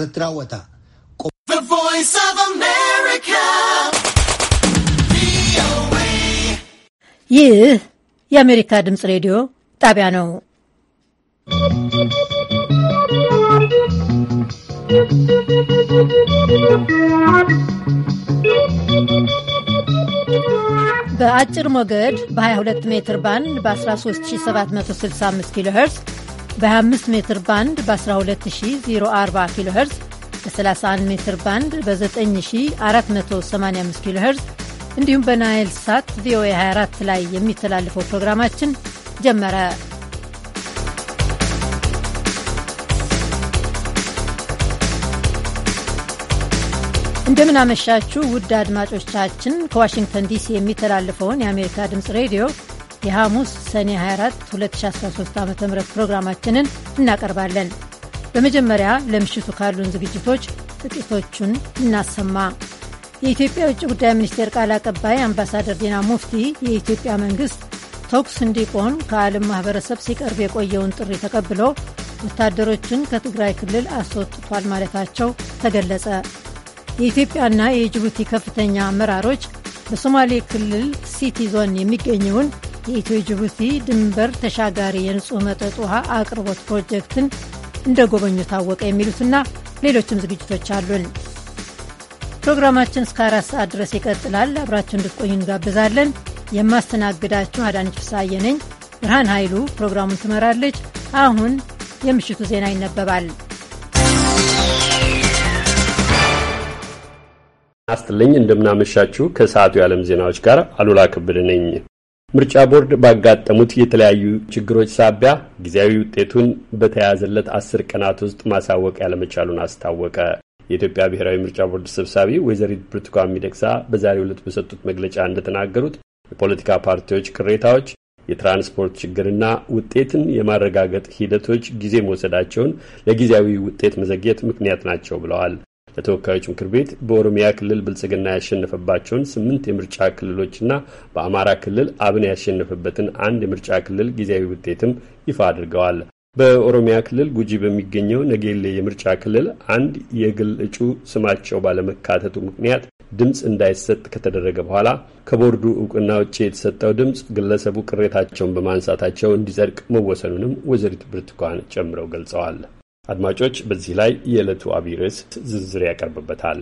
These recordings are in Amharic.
ርትራወታ ይህ የአሜሪካ ድምፅ ሬዲዮ ጣቢያ ነው። በአጭር ሞገድ በ22 ሜትር ባንድ በ13765 ኪሎ ሄርስ በ25 ሜትር ባንድ በ12040 ኪሎ ሄርዝ በ31 ሜትር ባንድ በ9485 ኪሎ ሄርዝ እንዲሁም በናይል ሳት ቪኦኤ 24 ላይ የሚተላለፈው ፕሮግራማችን ጀመረ። እንደምናመሻችሁ ውድ አድማጮቻችን ከዋሽንግተን ዲሲ የሚተላለፈውን የአሜሪካ ድምፅ ሬዲዮ የሐሙስ ሰኔ 24 2013 ዓ ም ፕሮግራማችንን እናቀርባለን። በመጀመሪያ ለምሽቱ ካሉን ዝግጅቶች ጥቂቶቹን እናሰማ። የኢትዮጵያ የውጭ ጉዳይ ሚኒስቴር ቃል አቀባይ አምባሳደር ዲና ሙፍቲ የኢትዮጵያ መንግሥት ተኩስ እንዲቆም ከዓለም ማኅበረሰብ ሲቀርብ የቆየውን ጥሪ ተቀብሎ ወታደሮችን ከትግራይ ክልል አስወጥቷል ማለታቸው ተገለጸ። የኢትዮጵያና የጅቡቲ ከፍተኛ አመራሮች በሶማሌ ክልል ሲቲ ዞን የሚገኘውን የኢትዮ ጅቡቲ ድንበር ተሻጋሪ የንጹህ መጠጥ ውሃ አቅርቦት ፕሮጀክትን እንደጎበኙ ታወቀ። የሚሉትና ሌሎችም ዝግጅቶች አሉን። ፕሮግራማችን እስከ አራት ሰዓት ድረስ ይቀጥላል። አብራችሁ እንድትቆዩ እንጋብዛለን። የማስተናግዳችሁ አዳነች ፍስሐዬ ነኝ። ብርሃን ኃይሉ ፕሮግራሙን ትመራለች። አሁን የምሽቱ ዜና ይነበባል። አስትልኝ እንደምናመሻችሁ። ከሰዓቱ የዓለም ዜናዎች ጋር አሉላ ከበደ ነኝ። ምርጫ ቦርድ ባጋጠሙት የተለያዩ ችግሮች ሳቢያ ጊዜያዊ ውጤቱን በተያያዘለት አስር ቀናት ውስጥ ማሳወቅ ያለመቻሉን አስታወቀ። የኢትዮጵያ ብሔራዊ ምርጫ ቦርድ ሰብሳቢ ወይዘሪት ብርቱካን ሚደቅሳ በዛሬው ዕለት በሰጡት መግለጫ እንደተናገሩት የፖለቲካ ፓርቲዎች ቅሬታዎች፣ የትራንስፖርት ችግርና ውጤትን የማረጋገጥ ሂደቶች ጊዜ መውሰዳቸውን ለጊዜያዊ ውጤት መዘግየት ምክንያት ናቸው ብለዋል። ለተወካዮች ምክር ቤት በኦሮሚያ ክልል ብልጽግና ያሸነፈባቸውን ስምንት የምርጫ ክልሎችና በአማራ ክልል አብን ያሸነፈበትን አንድ የምርጫ ክልል ጊዜያዊ ውጤትም ይፋ አድርገዋል። በኦሮሚያ ክልል ጉጂ በሚገኘው ነጌሌ የምርጫ ክልል አንድ የግል እጩ ስማቸው ባለመካተቱ ምክንያት ድምፅ እንዳይሰጥ ከተደረገ በኋላ ከቦርዱ እውቅና ውጭ የተሰጠው ድምፅ ግለሰቡ ቅሬታቸውን በማንሳታቸው እንዲጸድቅ መወሰኑንም ወይዘሪት ብርቱካን ጨምረው ገልጸዋል። አድማጮች፣ በዚህ ላይ የዕለቱ አብይ ርዕስ ዝርዝር ያቀርብበታል።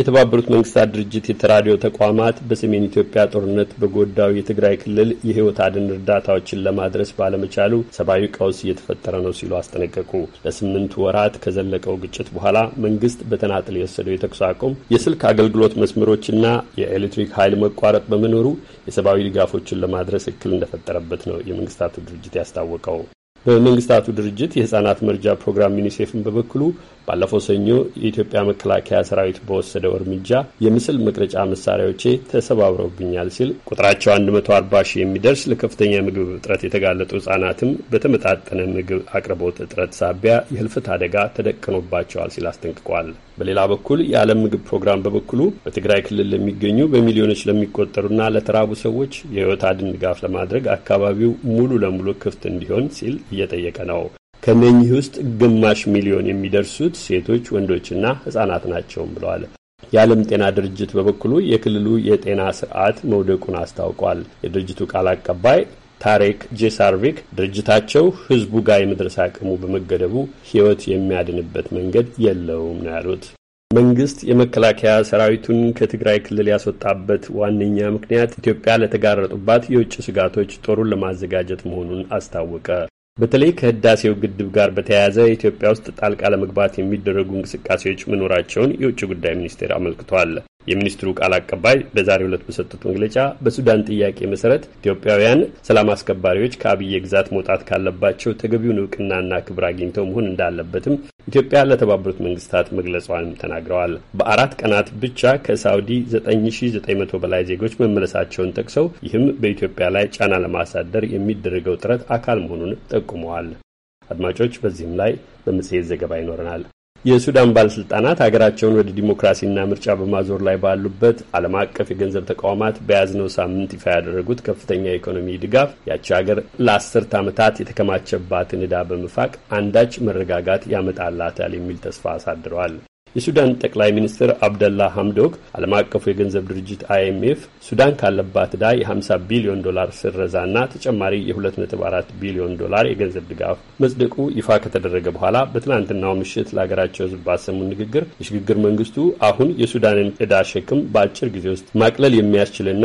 የተባበሩት መንግስታት ድርጅት የተራዲዮ ተቋማት በሰሜን ኢትዮጵያ ጦርነት በጎዳው የትግራይ ክልል የህይወት አድን እርዳታዎችን ለማድረስ ባለመቻሉ ሰብአዊ ቀውስ እየተፈጠረ ነው ሲሉ አስጠነቀቁ። ለስምንት ወራት ከዘለቀው ግጭት በኋላ መንግስት በተናጥል የወሰደው የተኩስ አቁም፣ የስልክ አገልግሎት መስመሮችና የኤሌክትሪክ ኃይል መቋረጥ በመኖሩ የሰብአዊ ድጋፎችን ለማድረስ እክል እንደፈጠረበት ነው የመንግስታቱ ድርጅት ያስታወቀው። በመንግስታቱ ድርጅት የህጻናት መርጃ ፕሮግራም ዩኒሴፍን በበኩሉ ባለፈው ሰኞ የኢትዮጵያ መከላከያ ሰራዊት በወሰደው እርምጃ የምስል መቅረጫ መሳሪያዎቼ ተሰባብረውብኛል ሲል ቁጥራቸው 140 ሺህ የሚደርስ ለከፍተኛ ምግብ እጥረት የተጋለጡ ህጻናትም በተመጣጠነ ምግብ አቅርቦት እጥረት ሳቢያ የህልፈት አደጋ ተደቅኖባቸዋል ሲል አስጠንቅቋል። በሌላ በኩል የዓለም ምግብ ፕሮግራም በበኩሉ በትግራይ ክልል ለሚገኙ በሚሊዮኖች ለሚቆጠሩና ለተራቡ ሰዎች የህይወት አድን ድጋፍ ለማድረግ አካባቢው ሙሉ ለሙሉ ክፍት እንዲሆን ሲል እየጠየቀ ነው። ከነኚህ ውስጥ ግማሽ ሚሊዮን የሚደርሱት ሴቶች ወንዶችና ህጻናት ናቸውም ብለዋል። የዓለም ጤና ድርጅት በበኩሉ የክልሉ የጤና ስርዓት መውደቁን አስታውቋል። የድርጅቱ ቃል አቀባይ ታሬክ ጄሳርቪክ ድርጅታቸው ህዝቡ ጋር የመድረስ አቅሙ በመገደቡ ህይወት የሚያድንበት መንገድ የለውም ነው ያሉት። መንግስት የመከላከያ ሰራዊቱን ከትግራይ ክልል ያስወጣበት ዋነኛ ምክንያት ኢትዮጵያ ለተጋረጡባት የውጭ ስጋቶች ጦሩን ለማዘጋጀት መሆኑን አስታወቀ። በተለይ ከህዳሴው ግድብ ጋር በተያያዘ ኢትዮጵያ ውስጥ ጣልቃ ለመግባት የሚደረጉ እንቅስቃሴዎች መኖራቸውን የውጭ ጉዳይ ሚኒስቴር አመልክቷል። የሚኒስትሩ ቃል አቀባይ በዛሬው ዕለት በሰጡት መግለጫ በሱዳን ጥያቄ መሰረት ኢትዮጵያውያን ሰላም አስከባሪዎች ከአብየ ግዛት መውጣት ካለባቸው ተገቢውን እውቅናና ክብር አግኝተው መሆን እንዳለበትም ኢትዮጵያ ለተባበሩት መንግስታት መግለጿንም ተናግረዋል። በአራት ቀናት ብቻ ከሳውዲ 9900 በላይ ዜጎች መመለሳቸውን ጠቅሰው ይህም በኢትዮጵያ ላይ ጫና ለማሳደር የሚደረገው ጥረት አካል መሆኑን ጠቁመዋል። አድማጮች፣ በዚህም ላይ በመጽሔት ዘገባ ይኖረናል። የሱዳን ባለስልጣናት ሀገራቸውን ወደ ዲሞክራሲና ምርጫ በማዞር ላይ ባሉበት ዓለም አቀፍ የገንዘብ ተቋማት በያዝነው ሳምንት ይፋ ያደረጉት ከፍተኛ የኢኮኖሚ ድጋፍ ያቺ ሀገር ለአስርት ዓመታት የተከማቸባትን ዕዳ በመፋቅ አንዳች መረጋጋት ያመጣላታል የሚል ተስፋ አሳድረዋል። የሱዳን ጠቅላይ ሚኒስትር አብደላ ሐምዶክ ዓለም አቀፉ የገንዘብ ድርጅት አይኤምኤፍ ሱዳን ካለባት ዕዳ የ50 ቢሊዮን ዶላር ስረዛና ተጨማሪ የ2.4 ቢሊዮን ዶላር የገንዘብ ድጋፍ መጽደቁ ይፋ ከተደረገ በኋላ በትናንትናው ምሽት ለሀገራቸው ሕዝብ ባሰሙ ንግግር የሽግግር መንግስቱ አሁን የሱዳንን ዕዳ ሸክም በአጭር ጊዜ ውስጥ ማቅለል የሚያስችልና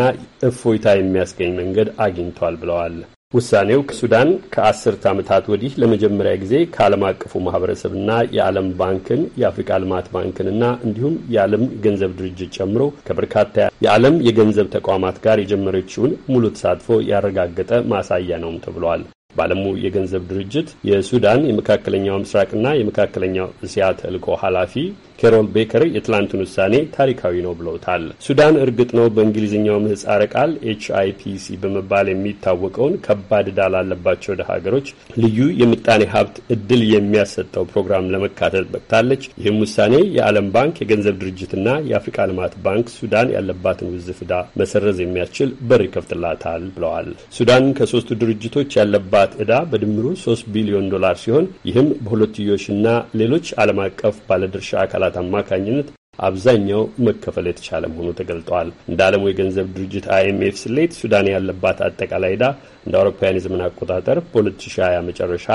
እፎይታ የሚያስገኝ መንገድ አግኝቷል ብለዋል። ውሳኔው ሱዳን ከአስርት ዓመታት ወዲህ ለመጀመሪያ ጊዜ ከዓለም አቀፉ ማህበረሰብና የዓለም ባንክን የአፍሪካ ልማት ባንክንና እንዲሁም የዓለም ገንዘብ ድርጅት ጨምሮ ከበርካታ የዓለም የገንዘብ ተቋማት ጋር የጀመረችውን ሙሉ ተሳትፎ ያረጋገጠ ማሳያ ነውም ተብሏል። በዓለሙ የገንዘብ ድርጅት የሱዳን የመካከለኛው ምስራቅና የመካከለኛው እስያ ተልእኮ ኃላፊ ኬሮል ቤከር የትላንቱን ውሳኔ ታሪካዊ ነው ብለውታል። ሱዳን እርግጥ ነው በእንግሊዝኛው ምህጻረ ቃል ኤች አይ ፒ ሲ በመባል የሚታወቀውን ከባድ ዕዳ ላለባቸው ድሃ ሀገሮች ልዩ የምጣኔ ሀብት እድል የሚያሰጠው ፕሮግራም ለመካተል በቅታለች። ይህም ውሳኔ የዓለም ባንክ የገንዘብ ድርጅትና የአፍሪቃ ልማት ባንክ ሱዳን ያለባትን ውዝፍ ዕዳ መሰረዝ የሚያስችል በር ይከፍትላታል ብለዋል። ሱዳን ከሶስቱ ድርጅቶች ያለባት ዕዳ በድምሩ 3 ቢሊዮን ዶላር ሲሆን ይህም በሁለትዮሽና ሌሎች ዓለም አቀፍ ባለድርሻ አካላት አካላት አማካኝነት አብዛኛው መከፈል የተቻለ መሆኑ ተገልጠዋል። እንደ ዓለሙ የገንዘብ ድርጅት አይኤምኤፍ ስሌት ሱዳን ያለባት አጠቃላይ ዕዳ እንደ አውሮፓውያን የዘመን አቆጣጠር በ2020 መጨረሻ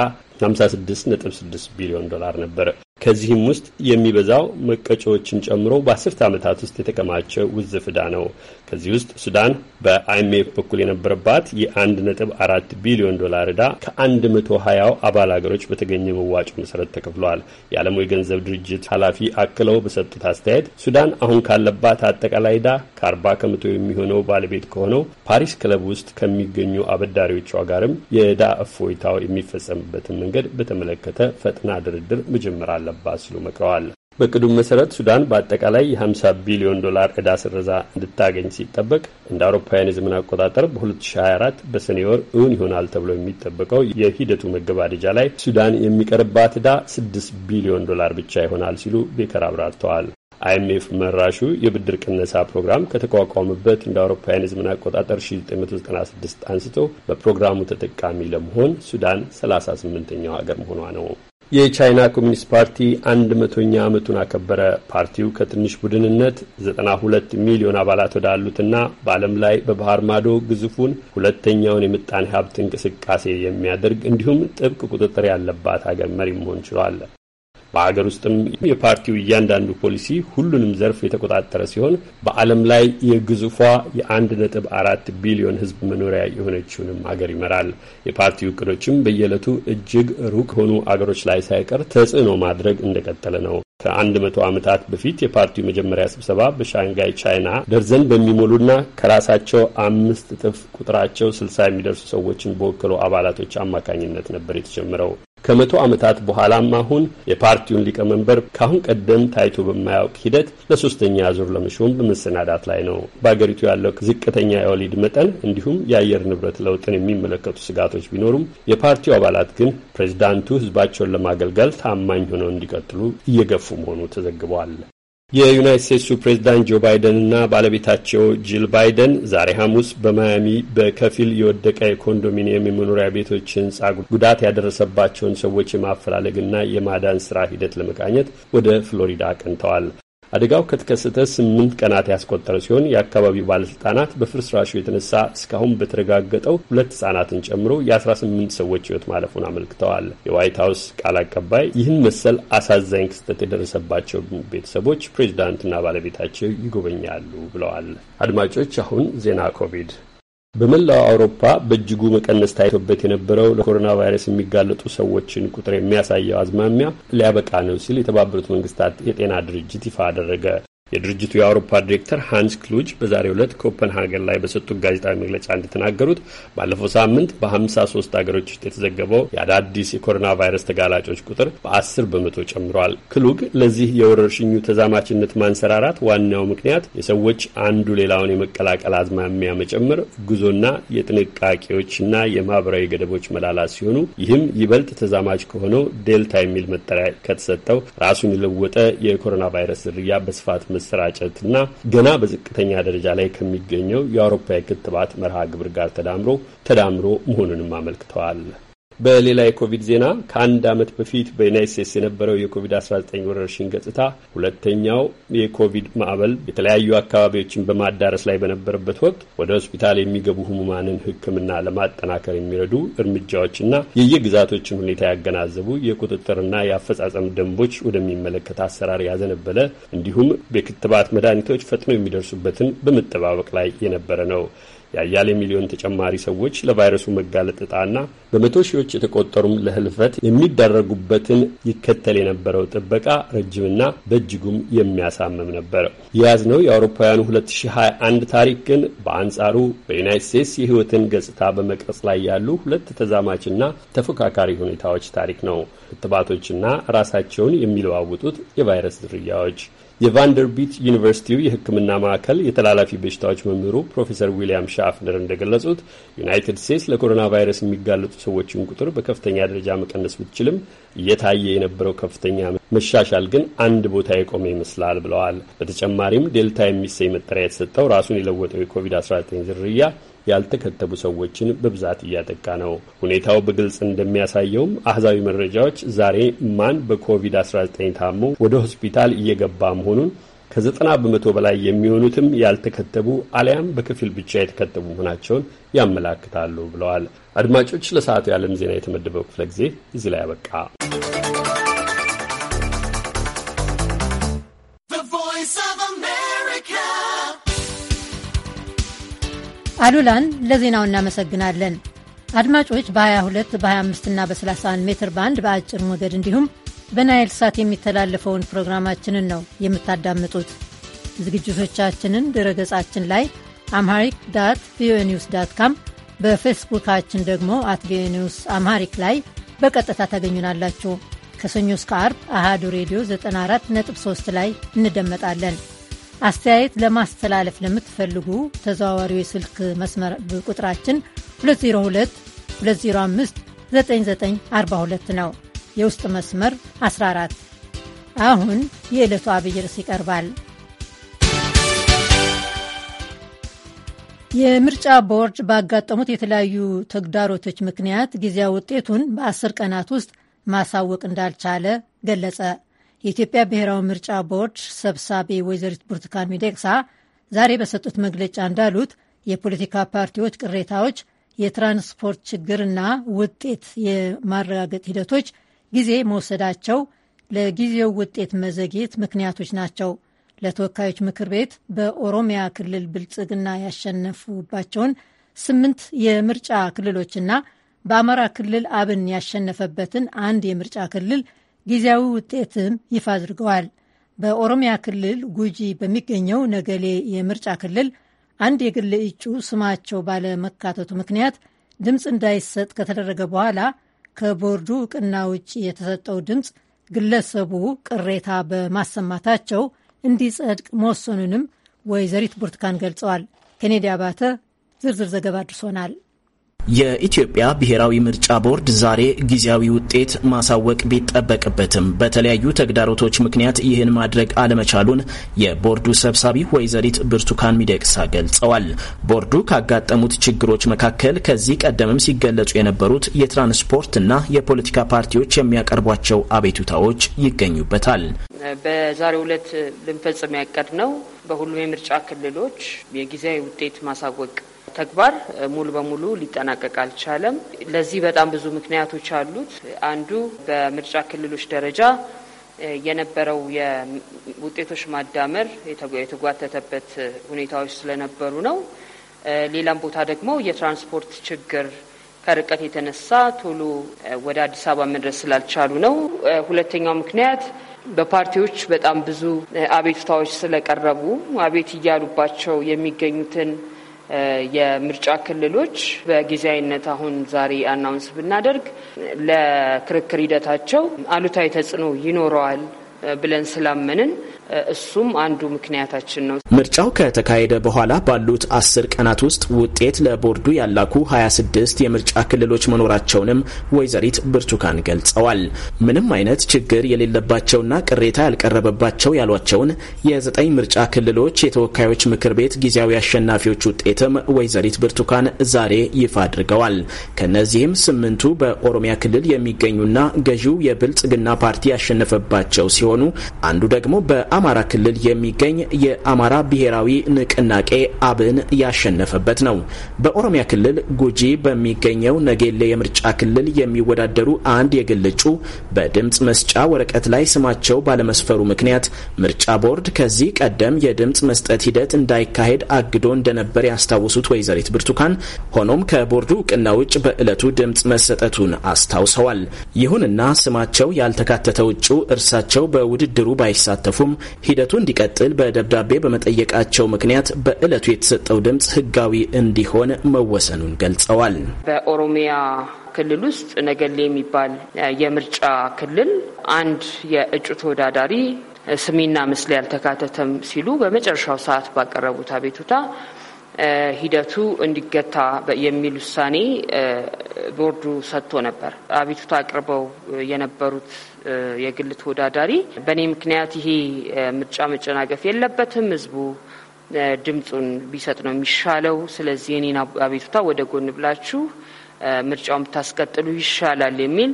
56.6 ቢሊዮን ዶላር ነበር። ከዚህም ውስጥ የሚበዛው መቀጮዎችን ጨምሮ በአስርት ዓመታት ውስጥ የተከማቸ ውዝፍ ዕዳ ነው። ከዚህ ውስጥ ሱዳን በአይኤምኤፍ በኩል የነበረባት የ1.4 ቢሊዮን ዶላር ዕዳ ከ120 አባል አገሮች በተገኘ መዋጮ መሰረት ተከፍሏል። የዓለሙ የገንዘብ ድርጅት ኃላፊ አክለው በሰጡት አስተያየት ሱዳን አሁን ካለባት አጠቃላይ ዕዳ ከ40 ከመቶ የሚሆነው ባለቤት ከሆነው ፓሪስ ክለብ ውስጥ ከሚገኙ አበዳሪዎቿ ጋርም የዕዳ እፎይታው የሚፈጸምበትን መንገድ በተመለከተ ፈጥና ድርድር መጀመር አለባት ሲሉ መክረዋል። በቅዱም መሰረት ሱዳን በአጠቃላይ የ50 ቢሊዮን ዶላር ዕዳ ስረዛ እንድታገኝ ሲጠበቅ እንደ አውሮፓውያን የዘመን አቆጣጠር በ2024 በሰኔ ወር እውን ይሆናል ተብሎ የሚጠበቀው የሂደቱ መገባደጃ ላይ ሱዳን የሚቀርባት ዕዳ 6 ቢሊዮን ዶላር ብቻ ይሆናል ሲሉ ቤከር አብራርተዋል። አይኤምኤፍ መራሹ የብድር ቅነሳ ፕሮግራም ከተቋቋመበት እንደ አውሮፓውያን የዘመን አቆጣጠር 1996 አንስቶ በፕሮግራሙ ተጠቃሚ ለመሆን ሱዳን 38ኛው ሀገር መሆኗ ነው። የቻይና ኮሚኒስት ፓርቲ 100 መቶኛ ዓመቱን አከበረ። ፓርቲው ከትንሽ ቡድንነት 92 ሚሊዮን አባላት ወዳሉትና በዓለም ላይ በባህር ማዶ ግዙፉን ሁለተኛውን የምጣኔ ሀብት እንቅስቃሴ የሚያደርግ እንዲሁም ጥብቅ ቁጥጥር ያለባት ሀገር መሪ መሆን ችሏል። በአገር ውስጥም የፓርቲው እያንዳንዱ ፖሊሲ ሁሉንም ዘርፍ የተቆጣጠረ ሲሆን በዓለም ላይ የግዙፏ የአንድ ነጥብ አራት ቢሊዮን ሕዝብ መኖሪያ የሆነችውንም አገር ይመራል። የፓርቲው እቅዶችም በየዕለቱ እጅግ ሩቅ ሆኑ አገሮች ላይ ሳይቀር ተጽዕኖ ማድረግ እንደቀጠለ ነው። ከአንድ መቶ ዓመታት በፊት የፓርቲው መጀመሪያ ስብሰባ በሻንጋይ ቻይና ደርዘን በሚሞሉና ከራሳቸው አምስት እጥፍ ቁጥራቸው ስልሳ የሚደርሱ ሰዎችን በወከሉ አባላቶች አማካኝነት ነበር የተጀመረው። ከመቶ ዓመታት በኋላም አሁን የፓርቲውን ሊቀመንበር ከአሁን ቀደም ታይቶ በማያውቅ ሂደት ለሶስተኛ ዙር ለመሾም በመሰናዳት ላይ ነው። በአገሪቱ ያለው ዝቅተኛ የወሊድ መጠን እንዲሁም የአየር ንብረት ለውጥን የሚመለከቱ ስጋቶች ቢኖሩም የፓርቲው አባላት ግን ፕሬዚዳንቱ ሕዝባቸውን ለማገልገል ታማኝ ሆነው እንዲቀጥሉ እየገፉ መሆኑ ተዘግቧል። የዩናይት ስቴትሱ ፕሬዝዳንት ጆ ባይደንና ባለቤታቸው ጂል ባይደን ዛሬ ሐሙስ በማያሚ በከፊል የወደቀ የኮንዶሚኒየም የመኖሪያ ቤቶች ህንጻ ጉዳት ያደረሰባቸውን ሰዎች የማፈላለግና የማዳን ስራ ሂደት ለመቃኘት ወደ ፍሎሪዳ አቅንተዋል። አደጋው ከተከሰተ ስምንት ቀናት ያስቆጠረ ሲሆን የአካባቢው ባለስልጣናት በፍርስራሹ የተነሳ እስካሁን በተረጋገጠው ሁለት ህጻናትን ጨምሮ የ18 ሰዎች ህይወት ማለፉን አመልክተዋል። የዋይት ሀውስ ቃል አቀባይ ይህን መሰል አሳዛኝ ክስተት የደረሰባቸው ቤተሰቦች ፕሬዚዳንትና ባለቤታቸው ይጎበኛሉ ብለዋል። አድማጮች፣ አሁን ዜና ኮቪድ በመላው አውሮፓ በእጅጉ መቀነስ ታይቶበት የነበረው ለኮሮና ቫይረስ የሚጋለጡ ሰዎችን ቁጥር የሚያሳየው አዝማሚያ ሊያበቃ ነው ሲል የተባበሩት መንግስታት የጤና ድርጅት ይፋ አደረገ። የድርጅቱ የአውሮፓ ዲሬክተር ሃንስ ክሉጅ በዛሬው ዕለት ኮፐንሃገን ላይ በሰጡት ጋዜጣዊ መግለጫ እንደተናገሩት ባለፈው ሳምንት በ53 ሀገሮች ውስጥ የተዘገበው የአዳዲስ የኮሮና ቫይረስ ተጋላጮች ቁጥር በ10 በመቶ ጨምሯል። ክሉግ ለዚህ የወረርሽኙ ተዛማችነት ማንሰራራት ዋናው ምክንያት የሰዎች አንዱ ሌላውን የመቀላቀል አዝማሚያ መጨመር፣ ጉዞና የጥንቃቄዎችና የማህበራዊ ገደቦች መላላት ሲሆኑ ይህም ይበልጥ ተዛማች ከሆነው ዴልታ የሚል መጠሪያ ከተሰጠው ራሱን የለወጠ የኮሮና ቫይረስ ዝርያ በስፋት መሰራጨትና ገና በዝቅተኛ ደረጃ ላይ ከሚገኘው የአውሮፓ የክትባት መርሃ ግብር ጋር ተዳምሮ ተዳምሮ መሆኑንም አመልክተዋል። በሌላ የኮቪድ ዜና ከአንድ ዓመት በፊት በዩናይት ስቴትስ የነበረው የኮቪድ-19 ወረርሽኝ ገጽታ ሁለተኛው የኮቪድ ማዕበል የተለያዩ አካባቢዎችን በማዳረስ ላይ በነበረበት ወቅት ወደ ሆስፒታል የሚገቡ ህሙማንን ሕክምና ለማጠናከር የሚረዱ እርምጃዎችና የየግዛቶችን ሁኔታ ያገናዘቡ የቁጥጥርና የአፈጻጸም ደንቦች ወደሚመለከት አሰራር ያዘነበለ እንዲሁም በክትባት መድኃኒቶች ፈጥኖ የሚደርሱበትን በመጠባበቅ ላይ የነበረ ነው። የአያሌ ሚሊዮን ተጨማሪ ሰዎች ለቫይረሱ መጋለጥ ዕጣና በመቶ ሺዎች የተቆጠሩም ለህልፈት የሚዳረጉበትን ይከተል የነበረው ጥበቃ ረጅምና በእጅጉም የሚያሳምም ነበር። የያዝነው የአውሮፓውያኑ 2021 ታሪክ ግን በአንጻሩ በዩናይት ስቴትስ የህይወትን ገጽታ በመቅረጽ ላይ ያሉ ሁለት ተዛማችና ተፎካካሪ ሁኔታዎች ታሪክ ነው። ክትባቶችና ራሳቸውን የሚለዋውጡት የቫይረስ ዝርያዎች የቫንደርቢት ዩኒቨርሲቲው የሕክምና ማዕከል የተላላፊ በሽታዎች መምህሩ ፕሮፌሰር ዊልያም ሻፍነር እንደገለጹት ዩናይትድ ስቴትስ ለኮሮና ቫይረስ የሚጋለጡ ሰዎችን ቁጥር በከፍተኛ ደረጃ መቀነስ ብትችልም እየታየ የነበረው ከፍተኛ መሻሻል ግን አንድ ቦታ የቆመ ይመስላል ብለዋል። በተጨማሪም ዴልታ የሚሰኝ መጠሪያ የተሰጠው ራሱን የለወጠው የኮቪድ-19 ዝርያ ያልተከተቡ ሰዎችን በብዛት እያጠቃ ነው። ሁኔታው በግልጽ እንደሚያሳየውም አህዛዊ መረጃዎች ዛሬ ማን በኮቪድ-19 ታሞ ወደ ሆስፒታል እየገባ መሆኑን ከዘጠና በመቶ በላይ የሚሆኑትም ያልተከተቡ አሊያም በከፊል ብቻ የተከተቡ መሆናቸውን ያመላክታሉ ብለዋል። አድማጮች፣ ለሰዓቱ የዓለም ዜና የተመደበው ክፍለ ጊዜ እዚህ ላይ ያበቃ። አሉላን ለዜናው እናመሰግናለን። አድማጮች በ22 በ25ና በ31 ሜትር ባንድ በአጭር ሞገድ እንዲሁም በናይል ሳት የሚተላለፈውን ፕሮግራማችንን ነው የምታዳምጡት። ዝግጅቶቻችንን ድረገጻችን ላይ አምሃሪክ ዳት ቪኦኤ ኒውስ ዳት ካም፣ በፌስቡካችን ደግሞ አት ቪኦኤ ኒውስ አምሃሪክ ላይ በቀጥታ ታገኙናላችሁ። ከሰኞ እስከ አርብ አሃዱ ሬዲዮ 94.3 ላይ እንደመጣለን። አስተያየት ለማስተላለፍ ለምትፈልጉ ተዘዋዋሪው የስልክ መስመር ቁጥራችን 2022059942 ነው፣ የውስጥ መስመር 14። አሁን የዕለቱ አብይ ርዕስ ይቀርባል። የምርጫ ቦርድ ባጋጠሙት የተለያዩ ተግዳሮቶች ምክንያት ጊዜያዊ ውጤቱን በአስር ቀናት ውስጥ ማሳወቅ እንዳልቻለ ገለጸ። የኢትዮጵያ ብሔራዊ ምርጫ ቦርድ ሰብሳቢ ወይዘሪት ብርቱካን ሚደቅሳ ዛሬ በሰጡት መግለጫ እንዳሉት የፖለቲካ ፓርቲዎች ቅሬታዎች፣ የትራንስፖርት ችግርና ውጤት የማረጋገጥ ሂደቶች ጊዜ መውሰዳቸው ለጊዜው ውጤት መዘግየት ምክንያቶች ናቸው። ለተወካዮች ምክር ቤት በኦሮሚያ ክልል ብልጽግና ያሸነፉባቸውን ስምንት የምርጫ ክልሎችና በአማራ ክልል አብን ያሸነፈበትን አንድ የምርጫ ክልል ጊዜያዊ ውጤትም ይፋ አድርገዋል። በኦሮሚያ ክልል ጉጂ በሚገኘው ነገሌ የምርጫ ክልል አንድ የግል እጩ ስማቸው ባለመካተቱ ምክንያት ድምፅ እንዳይሰጥ ከተደረገ በኋላ ከቦርዱ እውቅና ውጭ የተሰጠው ድምፅ ግለሰቡ ቅሬታ በማሰማታቸው እንዲጸድቅ መወሰኑንም ወይዘሪት ብርቱካን ገልጸዋል። ኬኔዲ አባተ ዝርዝር ዘገባ አድርሶናል። የኢትዮጵያ ብሔራዊ ምርጫ ቦርድ ዛሬ ጊዜያዊ ውጤት ማሳወቅ ቢጠበቅበትም በተለያዩ ተግዳሮቶች ምክንያት ይህን ማድረግ አለመቻሉን የቦርዱ ሰብሳቢ ወይዘሪት ብርቱካን ሚደቅሳ ገልጸዋል። ቦርዱ ካጋጠሙት ችግሮች መካከል ከዚህ ቀደምም ሲገለጹ የነበሩት የትራንስፖርትና የፖለቲካ ፓርቲዎች የሚያቀርቧቸው አቤቱታዎች ይገኙበታል። በዛሬው ዕለት ልንፈጽም ነው በሁሉም የምርጫ ክልሎች የጊዜያዊ ውጤት ማሳወቅ ተግባር ሙሉ በሙሉ ሊጠናቀቅ አልቻለም። ለዚህ በጣም ብዙ ምክንያቶች አሉት። አንዱ በምርጫ ክልሎች ደረጃ የነበረው የውጤቶች ማዳመር የተጓተተበት ሁኔታዎች ስለነበሩ ነው። ሌላም ቦታ ደግሞ የትራንስፖርት ችግር ከርቀት የተነሳ ቶሎ ወደ አዲስ አበባ መድረስ ስላልቻሉ ነው። ሁለተኛው ምክንያት በፓርቲዎች በጣም ብዙ አቤቱታዎች ስለቀረቡ አቤት እያሉባቸው የሚገኙትን የምርጫ ክልሎች በጊዜያዊነት አሁን ዛሬ አናውንስ ብናደርግ ለክርክር ሂደታቸው አሉታዊ ተጽዕኖ ይኖረዋል ብለን ስላመንን እሱም አንዱ ምክንያታችን ነው። ምርጫው ከተካሄደ በኋላ ባሉት አስር ቀናት ውስጥ ውጤት ለቦርዱ ያላኩ 26 የምርጫ ክልሎች መኖራቸውንም ወይዘሪት ብርቱካን ገልጸዋል። ምንም አይነት ችግር የሌለባቸውና ቅሬታ ያልቀረበባቸው ያሏቸውን የዘጠኝ ምርጫ ክልሎች የተወካዮች ምክር ቤት ጊዜያዊ አሸናፊዎች ውጤትም ወይዘሪት ብርቱካን ዛሬ ይፋ አድርገዋል። ከእነዚህም ስምንቱ በኦሮሚያ ክልል የሚገኙና ገዢው የብልጽግና ፓርቲ ያሸነፈባቸው ሲሆኑ አንዱ ደግሞ በ በአማራ ክልል የሚገኝ የአማራ ብሔራዊ ንቅናቄ አብን ያሸነፈበት ነው። በኦሮሚያ ክልል ጉጂ በሚገኘው ነጌሌ የምርጫ ክልል የሚወዳደሩ አንድ የግል እጩ በድምፅ መስጫ ወረቀት ላይ ስማቸው ባለመስፈሩ ምክንያት ምርጫ ቦርድ ከዚህ ቀደም የድምፅ መስጠት ሂደት እንዳይካሄድ አግዶ እንደነበር ያስታወሱት ወይዘሪት ብርቱካን ሆኖም ከቦርዱ እውቅና ውጭ በዕለቱ ድምፅ መሰጠቱን አስታውሰዋል። ይሁንና ስማቸው ያልተካተተው እጩ እርሳቸው በውድድሩ ባይሳተፉም ሂደቱ እንዲቀጥል በደብዳቤ በመጠየቃቸው ምክንያት በእለቱ የተሰጠው ድምፅ ህጋዊ እንዲሆን መወሰኑን ገልጸዋል። በኦሮሚያ ክልል ውስጥ ነገሌ የሚባል የምርጫ ክልል አንድ የእጩ ተወዳዳሪ ስሜና ምስል ያልተካተተም ሲሉ በመጨረሻው ሰዓት ባቀረቡት አቤቱታ ሂደቱ እንዲገታ የሚል ውሳኔ ቦርዱ ሰጥቶ ነበር። አቤቱታ አቅርበው የነበሩት የግል ተወዳዳሪ በእኔ ምክንያት ይሄ ምርጫ መጨናገፍ የለበትም፣ ህዝቡ ድምፁን ቢሰጥ ነው የሚሻለው። ስለዚህ የኔን አቤቱታ ወደ ጎን ብላችሁ ምርጫውን ብታስቀጥሉ ይሻላል የሚል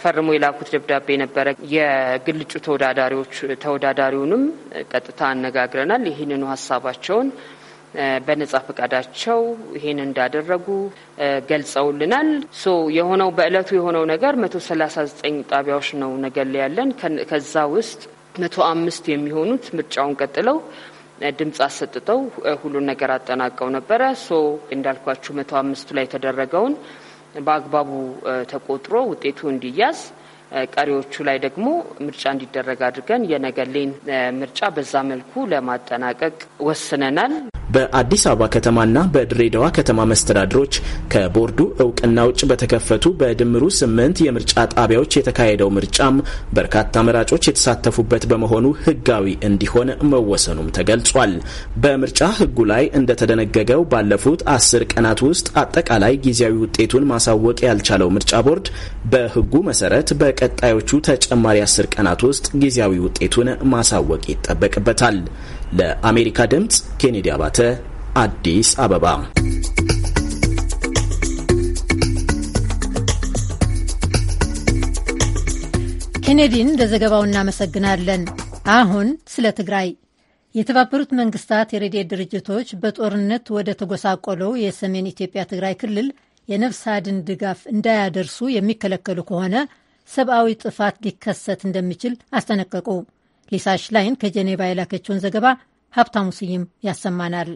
ፈርሞ የላኩት ደብዳቤ ነበረ። የግል እጩ ተወዳዳሪዎች ተወዳዳሪውንም ቀጥታ አነጋግረናል። ይህንኑ ሀሳባቸውን በነጻ ፈቃዳቸው ይሄን እንዳደረጉ ገልጸውልናል። ሶ የሆነው በእለቱ የሆነው ነገር መቶ ሰላሳ ዘጠኝ ጣቢያዎች ነው ነገል ያለን። ከዛ ውስጥ መቶ አምስት የሚሆኑት ምርጫውን ቀጥለው ድምፅ አሰጥተው ሁሉን ነገር አጠናቀው ነበረ። ሶ እንዳልኳችሁ መቶ አምስቱ ላይ የተደረገውን በአግባቡ ተቆጥሮ ውጤቱ እንዲያዝ ቀሪዎቹ ላይ ደግሞ ምርጫ እንዲደረግ አድርገን የነገሌን ምርጫ በዛ መልኩ ለማጠናቀቅ ወስነናል። በአዲስ አበባ ከተማና በድሬዳዋ ከተማ መስተዳድሮች ከቦርዱ እውቅና ውጭ በተከፈቱ በድምሩ ስምንት የምርጫ ጣቢያዎች የተካሄደው ምርጫም በርካታ መራጮች የተሳተፉበት በመሆኑ ሕጋዊ እንዲሆን መወሰኑም ተገልጿል። በምርጫ ሕጉ ላይ እንደተደነገገው ባለፉት አስር ቀናት ውስጥ አጠቃላይ ጊዜያዊ ውጤቱን ማሳወቅ ያልቻለው ምርጫ ቦርድ በሕጉ መሰረት በ በቀጣዮቹ ተጨማሪ አስር ቀናት ውስጥ ጊዜያዊ ውጤቱን ማሳወቅ ይጠበቅበታል። ለአሜሪካ ድምፅ ኬኔዲ አባተ አዲስ አበባ። ኬኔዲን ለዘገባው እናመሰግናለን። አሁን ስለ ትግራይ የተባበሩት መንግስታት የረድኤት ድርጅቶች በጦርነት ወደ ተጎሳቆለው የሰሜን ኢትዮጵያ ትግራይ ክልል የነፍስ አድን ድጋፍ እንዳያደርሱ የሚከለከሉ ከሆነ ሰብአዊ ጥፋት ሊከሰት እንደሚችል አስጠነቀቁ። ሊሳ ሽላይን ከጀኔባ የላከችውን ዘገባ ሀብታሙ ስይም ያሰማናል።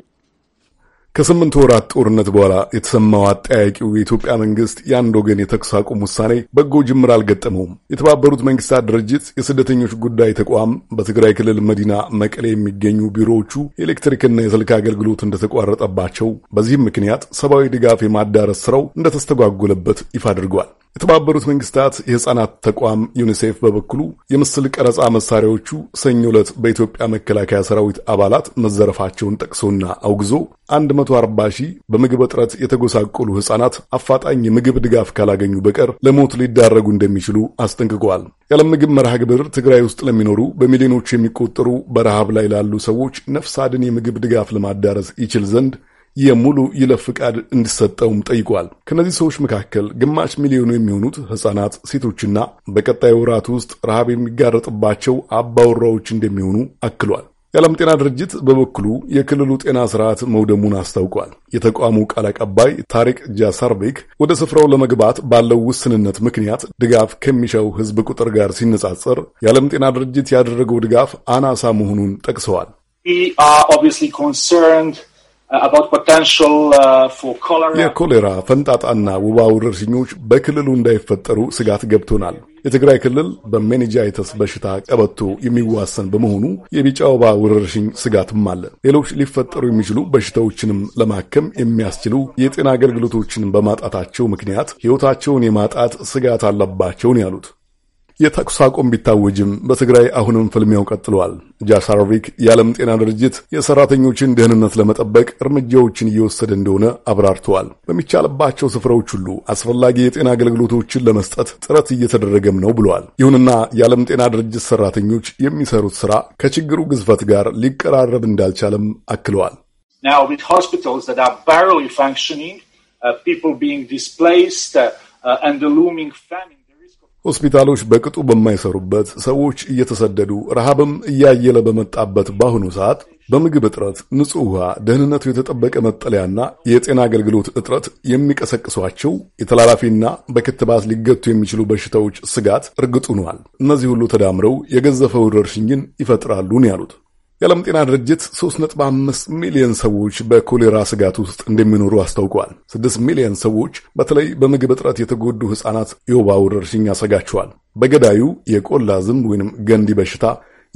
ከስምንት ወራት ጦርነት በኋላ የተሰማው አጠያቂው የኢትዮጵያ መንግስት የአንድ ወገን የተኩስ አቁም ውሳኔ በጎ ጅምር አልገጠመውም። የተባበሩት መንግስታት ድርጅት የስደተኞች ጉዳይ ተቋም በትግራይ ክልል መዲና መቀሌ የሚገኙ ቢሮዎቹ የኤሌክትሪክና የስልክ አገልግሎት እንደተቋረጠባቸው፣ በዚህም ምክንያት ሰብአዊ ድጋፍ የማዳረስ ስራው እንደተስተጓጎለበት ይፋ አድርጓል። የተባበሩት መንግስታት የህፃናት ተቋም ዩኒሴፍ በበኩሉ የምስል ቀረጻ መሳሪያዎቹ ሰኞ ዕለት በኢትዮጵያ መከላከያ ሰራዊት አባላት መዘረፋቸውን ጠቅሶና አውግዞ 240 ሺህ በምግብ እጥረት የተጎሳቆሉ ሕፃናት አፋጣኝ የምግብ ድጋፍ ካላገኙ በቀር ለሞት ሊዳረጉ እንደሚችሉ አስጠንቅቀዋል። የዓለም ምግብ መርሃ ግብር ትግራይ ውስጥ ለሚኖሩ በሚሊዮኖች የሚቆጠሩ በረሃብ ላይ ላሉ ሰዎች ነፍስ አድን የምግብ ድጋፍ ለማዳረስ ይችል ዘንድ የሙሉ ይለፍ ፍቃድ እንዲሰጠውም ጠይቋል። ከእነዚህ ሰዎች መካከል ግማሽ ሚሊዮኑ የሚሆኑት ሕፃናት፣ ሴቶችና በቀጣይ ወራት ውስጥ ረሃብ የሚጋረጥባቸው አባወራዎች እንደሚሆኑ አክሏል። የዓለም ጤና ድርጅት በበኩሉ የክልሉ ጤና ስርዓት መውደሙን አስታውቋል። የተቋሙ ቃል አቀባይ ታሪክ ጃሳርቤክ ወደ ስፍራው ለመግባት ባለው ውስንነት ምክንያት ድጋፍ ከሚሻው ሕዝብ ቁጥር ጋር ሲነጻጸር የዓለም ጤና ድርጅት ያደረገው ድጋፍ አናሳ መሆኑን ጠቅሰዋል። Uh, uh, የኮሌራ ፈንጣጣና ውባ ወረርሽኞች በክልሉ እንዳይፈጠሩ ስጋት ገብቶናል። የትግራይ ክልል በሜኒጃይተስ በሽታ ቀበቶ የሚዋሰን በመሆኑ የቢጫ ወባ ወረርሽኝ ስጋትም አለ። ሌሎች ሊፈጠሩ የሚችሉ በሽታዎችንም ለማከም የሚያስችሉ የጤና አገልግሎቶችን በማጣታቸው ምክንያት ሕይወታቸውን የማጣት ስጋት አለባቸውን ያሉት የተኩስ አቁም ቢታወጅም በትግራይ አሁንም ፍልሚያው ቀጥሏል። ጃሳርቪክ የዓለም ጤና ድርጅት የሰራተኞችን ደህንነት ለመጠበቅ እርምጃዎችን እየወሰደ እንደሆነ አብራርተዋል። በሚቻልባቸው ስፍራዎች ሁሉ አስፈላጊ የጤና አገልግሎቶችን ለመስጠት ጥረት እየተደረገም ነው ብለዋል። ይሁንና የዓለም ጤና ድርጅት ሰራተኞች የሚሰሩት ስራ ከችግሩ ግዝፈት ጋር ሊቀራረብ እንዳልቻለም አክለዋል። ሆስፒታሎች በቅጡ በማይሰሩበት ሰዎች እየተሰደዱ ረሃብም እያየለ በመጣበት በአሁኑ ሰዓት በምግብ እጥረት፣ ንጹህ ውሃ፣ ደህንነቱ የተጠበቀ መጠለያና የጤና አገልግሎት እጥረት የሚቀሰቅሷቸው የተላላፊና በክትባት ሊገቱ የሚችሉ በሽታዎች ስጋት እርግጥ ሆኗል። እነዚህ ሁሉ ተዳምረው የገዘፈ ወረርሽኝን ይፈጥራሉን ያሉት የዓለም ጤና ድርጅት 3.5 ሚሊዮን ሰዎች በኮሌራ ስጋት ውስጥ እንደሚኖሩ አስታውቋል። 6 ሚሊዮን ሰዎች በተለይ በምግብ እጥረት የተጎዱ ሕፃናት የወባ ወረርሽኝ ያሰጋቸዋል። በገዳዩ የቆላ ዝንብ ወይም ገንዲ በሽታ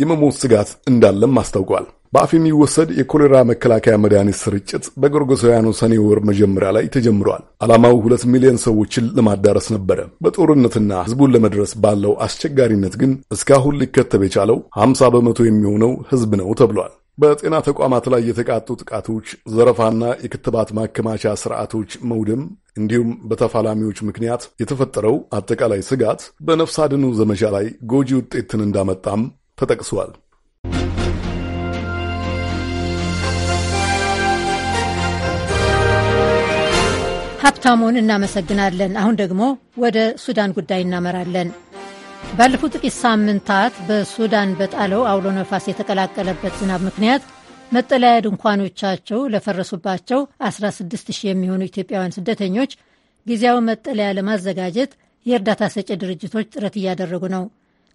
የመሞት ስጋት እንዳለም አስታውቋል። በአፍ የሚወሰድ የኮሌራ መከላከያ መድኃኒት ስርጭት በጎርጎሳውያኑ ሰኔ ወር መጀመሪያ ላይ ተጀምሯል። ዓላማው ሁለት ሚሊዮን ሰዎችን ለማዳረስ ነበረ። በጦርነትና ህዝቡን ለመድረስ ባለው አስቸጋሪነት ግን እስካሁን ሊከተብ የቻለው 50 በመቶ የሚሆነው ህዝብ ነው ተብሏል። በጤና ተቋማት ላይ የተቃጡ ጥቃቶች፣ ዘረፋና የክትባት ማከማቻ ስርዓቶች መውደም እንዲሁም በተፋላሚዎች ምክንያት የተፈጠረው አጠቃላይ ስጋት በነፍስ አድኑ ዘመቻ ላይ ጎጂ ውጤትን እንዳመጣም ተጠቅሷል። ሀብታሙን እናመሰግናለን። አሁን ደግሞ ወደ ሱዳን ጉዳይ እናመራለን። ባለፉት ጥቂት ሳምንታት በሱዳን በጣለው አውሎ ነፋስ የተቀላቀለበት ዝናብ ምክንያት መጠለያ ድንኳኖቻቸው ለፈረሱባቸው 16000 የሚሆኑ ኢትዮጵያውያን ስደተኞች ጊዜያዊ መጠለያ ለማዘጋጀት የእርዳታ ሰጪ ድርጅቶች ጥረት እያደረጉ ነው።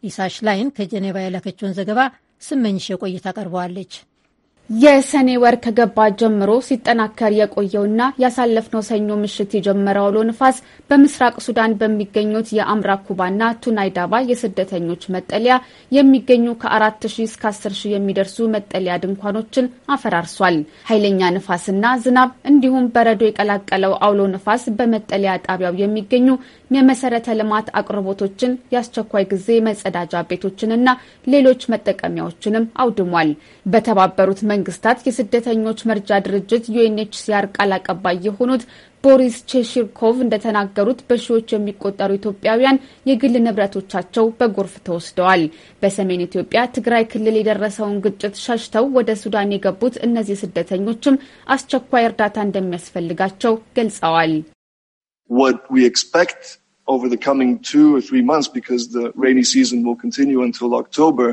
ሊሳሽ ላይን ከጀኔቫ የላከችውን ዘገባ ስመኝሽ የቆይታ ቀርበዋለች። የሰኔ ወር ከገባ ጀምሮ ሲጠናከር የቆየውና ያሳለፍነው ሰኞ ምሽት የጀመረው አውሎ ንፋስ በምስራቅ ሱዳን በሚገኙት የአምራ ኩባና ቱናይዳባ የስደተኞች መጠለያ የሚገኙ ከ ሺህ እስከ አስር ሺ የሚደርሱ መጠለያ ድንኳኖችን አፈራርሷል። ኃይለኛ ንፋስና ዝናብ እንዲሁም በረዶ የቀላቀለው አውሎ ንፋስ በመጠለያ ጣቢያው የሚገኙ የመሰረተ ልማት አቅርቦቶችን፣ የአስቸኳይ ጊዜ መጸዳጃ ቤቶችንና ሌሎች መጠቀሚያዎችንም አውድሟል። በተባበሩት መንግስታት የስደተኞች መርጃ ድርጅት ዩኤንኤችሲአር ቃል አቀባይ የሆኑት ቦሪስ ቼሽርኮቭ እንደተናገሩት በሺዎች የሚቆጠሩ ኢትዮጵያውያን የግል ንብረቶቻቸው በጎርፍ ተወስደዋል። በሰሜን ኢትዮጵያ ትግራይ ክልል የደረሰውን ግጭት ሸሽተው ወደ ሱዳን የገቡት እነዚህ ስደተኞችም አስቸኳይ እርዳታ እንደሚያስፈልጋቸው ገልጸዋል። over the coming two or three months because the rainy season will continue until October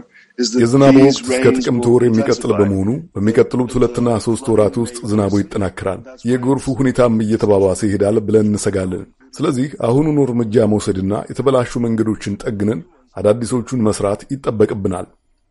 የዝናቡ ወቅት እስከ ጥቅምት ወር የሚቀጥል በመሆኑ በሚቀጥሉት ሁለትና ሶስት ወራት ውስጥ ዝናቡ ይጠናከራል፣ የጎርፉ ሁኔታም እየተባባሰ ይሄዳል ብለን እንሰጋለን። ስለዚህ አሁኑኑ እርምጃ መውሰድና የተበላሹ መንገዶችን ጠግነን አዳዲሶቹን መስራት ይጠበቅብናል።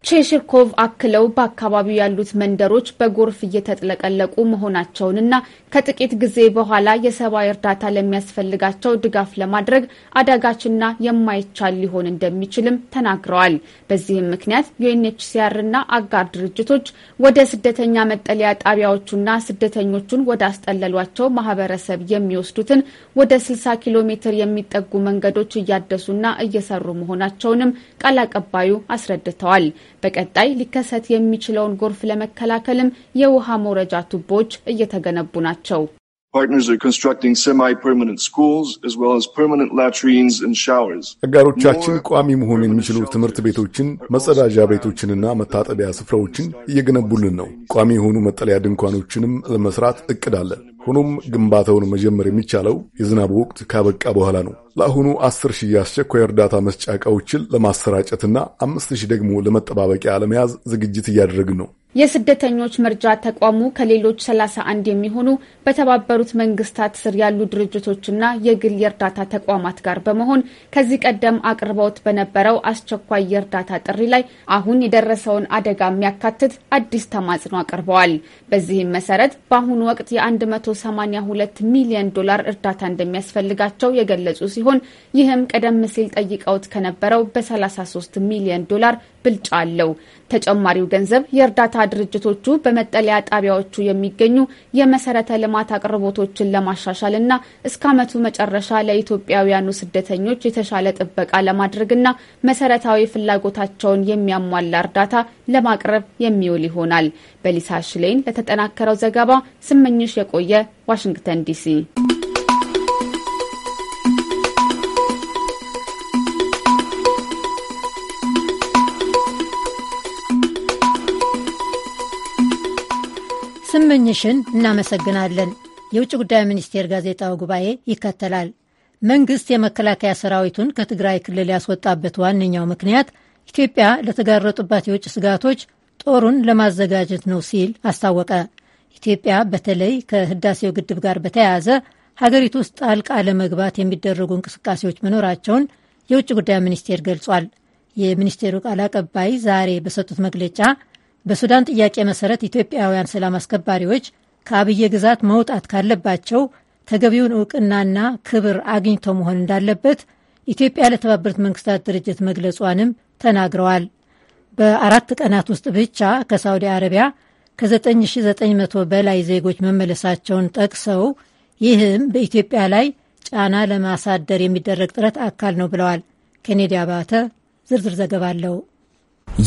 ቼሽኮቭ አክለው በአካባቢው ያሉት መንደሮች በጎርፍ እየተጥለቀለቁ መሆናቸውንና ከጥቂት ጊዜ በኋላ የሰብአዊ እርዳታ ለሚያስፈልጋቸው ድጋፍ ለማድረግ አዳጋችና የማይቻል ሊሆን እንደሚችልም ተናግረዋል። በዚህም ምክንያት ዩኤንኤችሲአርና አጋር ድርጅቶች ወደ ስደተኛ መጠለያ ጣቢያዎቹና ስደተኞቹን ወደ አስጠለሏቸው ማህበረሰብ የሚወስዱትን ወደ 60 ኪሎ ሜትር የሚጠጉ መንገዶች እያደሱና እየሰሩ መሆናቸውንም ቃል አቀባዩ አስረድተዋል። በቀጣይ ሊከሰት የሚችለውን ጎርፍ ለመከላከልም የውሃ መውረጃ ቱቦዎች እየተገነቡ ናቸው። partners are constructing semi-permanent schools as well as permanent latrines and showers. አጋሮቻችን ቋሚ መሆን የሚችሉ ትምህርት ቤቶችን፣ መጸዳጃ ቤቶችንና መታጠቢያ ስፍራዎችን እየገነቡልን ነው። ቋሚ የሆኑ መጠለያ ድንኳኖችንም ለመስራት እቅድ አለን። ሆኖም ግንባታውን መጀመር የሚቻለው የዝናቡ ወቅት ካበቃ በኋላ ነው። ለአሁኑ አስር ሺህ የአስቸኳይ እርዳታ መስጫ እቃዎችን ለማሰራጨትና አምስት ሺህ ደግሞ ለመጠባበቂያ ለመያዝ ዝግጅት እያደረግን ነው። የስደተኞች መርጃ ተቋሙ ከሌሎች 31 የሚሆኑ በተባበሩት መንግስታት ስር ያሉ ድርጅቶችና የግል የእርዳታ ተቋማት ጋር በመሆን ከዚህ ቀደም አቅርበውት በነበረው አስቸኳይ የእርዳታ ጥሪ ላይ አሁን የደረሰውን አደጋ የሚያካትት አዲስ ተማጽኖ አቅርበዋል። በዚህም መሰረት በአሁኑ ወቅት የ182 ሚሊዮን ዶላር እርዳታ እንደሚያስፈልጋቸው የገለጹ ሲሆን ይህም ቀደም ሲል ጠይቀውት ከነበረው በ33 ሚሊዮን ዶላር ብልጫ አለው። ተጨማሪው ገንዘብ የእርዳታ ድርጅቶቹ በመጠለያ ጣቢያዎቹ የሚገኙ የመሰረተ ልማት አቅርቦቶችን ለማሻሻል እና እስከ ዓመቱ መጨረሻ ለኢትዮጵያውያኑ ስደተኞች የተሻለ ጥበቃ ለማድረግና መሰረታዊ ፍላጎታቸውን የሚያሟላ እርዳታ ለማቅረብ የሚውል ይሆናል። በሊሳ ሽሌን ለተጠናከረው ዘገባ ስመኝሽ የቆየ ዋሽንግተን ዲሲ። ስመኝሽን እናመሰግናለን። የውጭ ጉዳይ ሚኒስቴር ጋዜጣዊ ጉባኤ ይከተላል። መንግሥት የመከላከያ ሰራዊቱን ከትግራይ ክልል ያስወጣበት ዋነኛው ምክንያት ኢትዮጵያ ለተጋረጡባት የውጭ ስጋቶች ጦሩን ለማዘጋጀት ነው ሲል አስታወቀ። ኢትዮጵያ በተለይ ከህዳሴው ግድብ ጋር በተያያዘ ሀገሪቱ ውስጥ ጣልቃ ለመግባት የሚደረጉ እንቅስቃሴዎች መኖራቸውን የውጭ ጉዳይ ሚኒስቴር ገልጿል። የሚኒስቴሩ ቃል አቀባይ ዛሬ በሰጡት መግለጫ በሱዳን ጥያቄ መሰረት ኢትዮጵያውያን ሰላም አስከባሪዎች ከአብዬ ግዛት መውጣት ካለባቸው ተገቢውን እውቅናና ክብር አግኝቶ መሆን እንዳለበት ኢትዮጵያ ለተባበሩት መንግስታት ድርጅት መግለጿንም ተናግረዋል። በአራት ቀናት ውስጥ ብቻ ከሳውዲ አረቢያ ከ9900 በላይ ዜጎች መመለሳቸውን ጠቅሰው ይህም በኢትዮጵያ ላይ ጫና ለማሳደር የሚደረግ ጥረት አካል ነው ብለዋል። ኬኔዲ አባተ ዝርዝር ዘገባ አለው።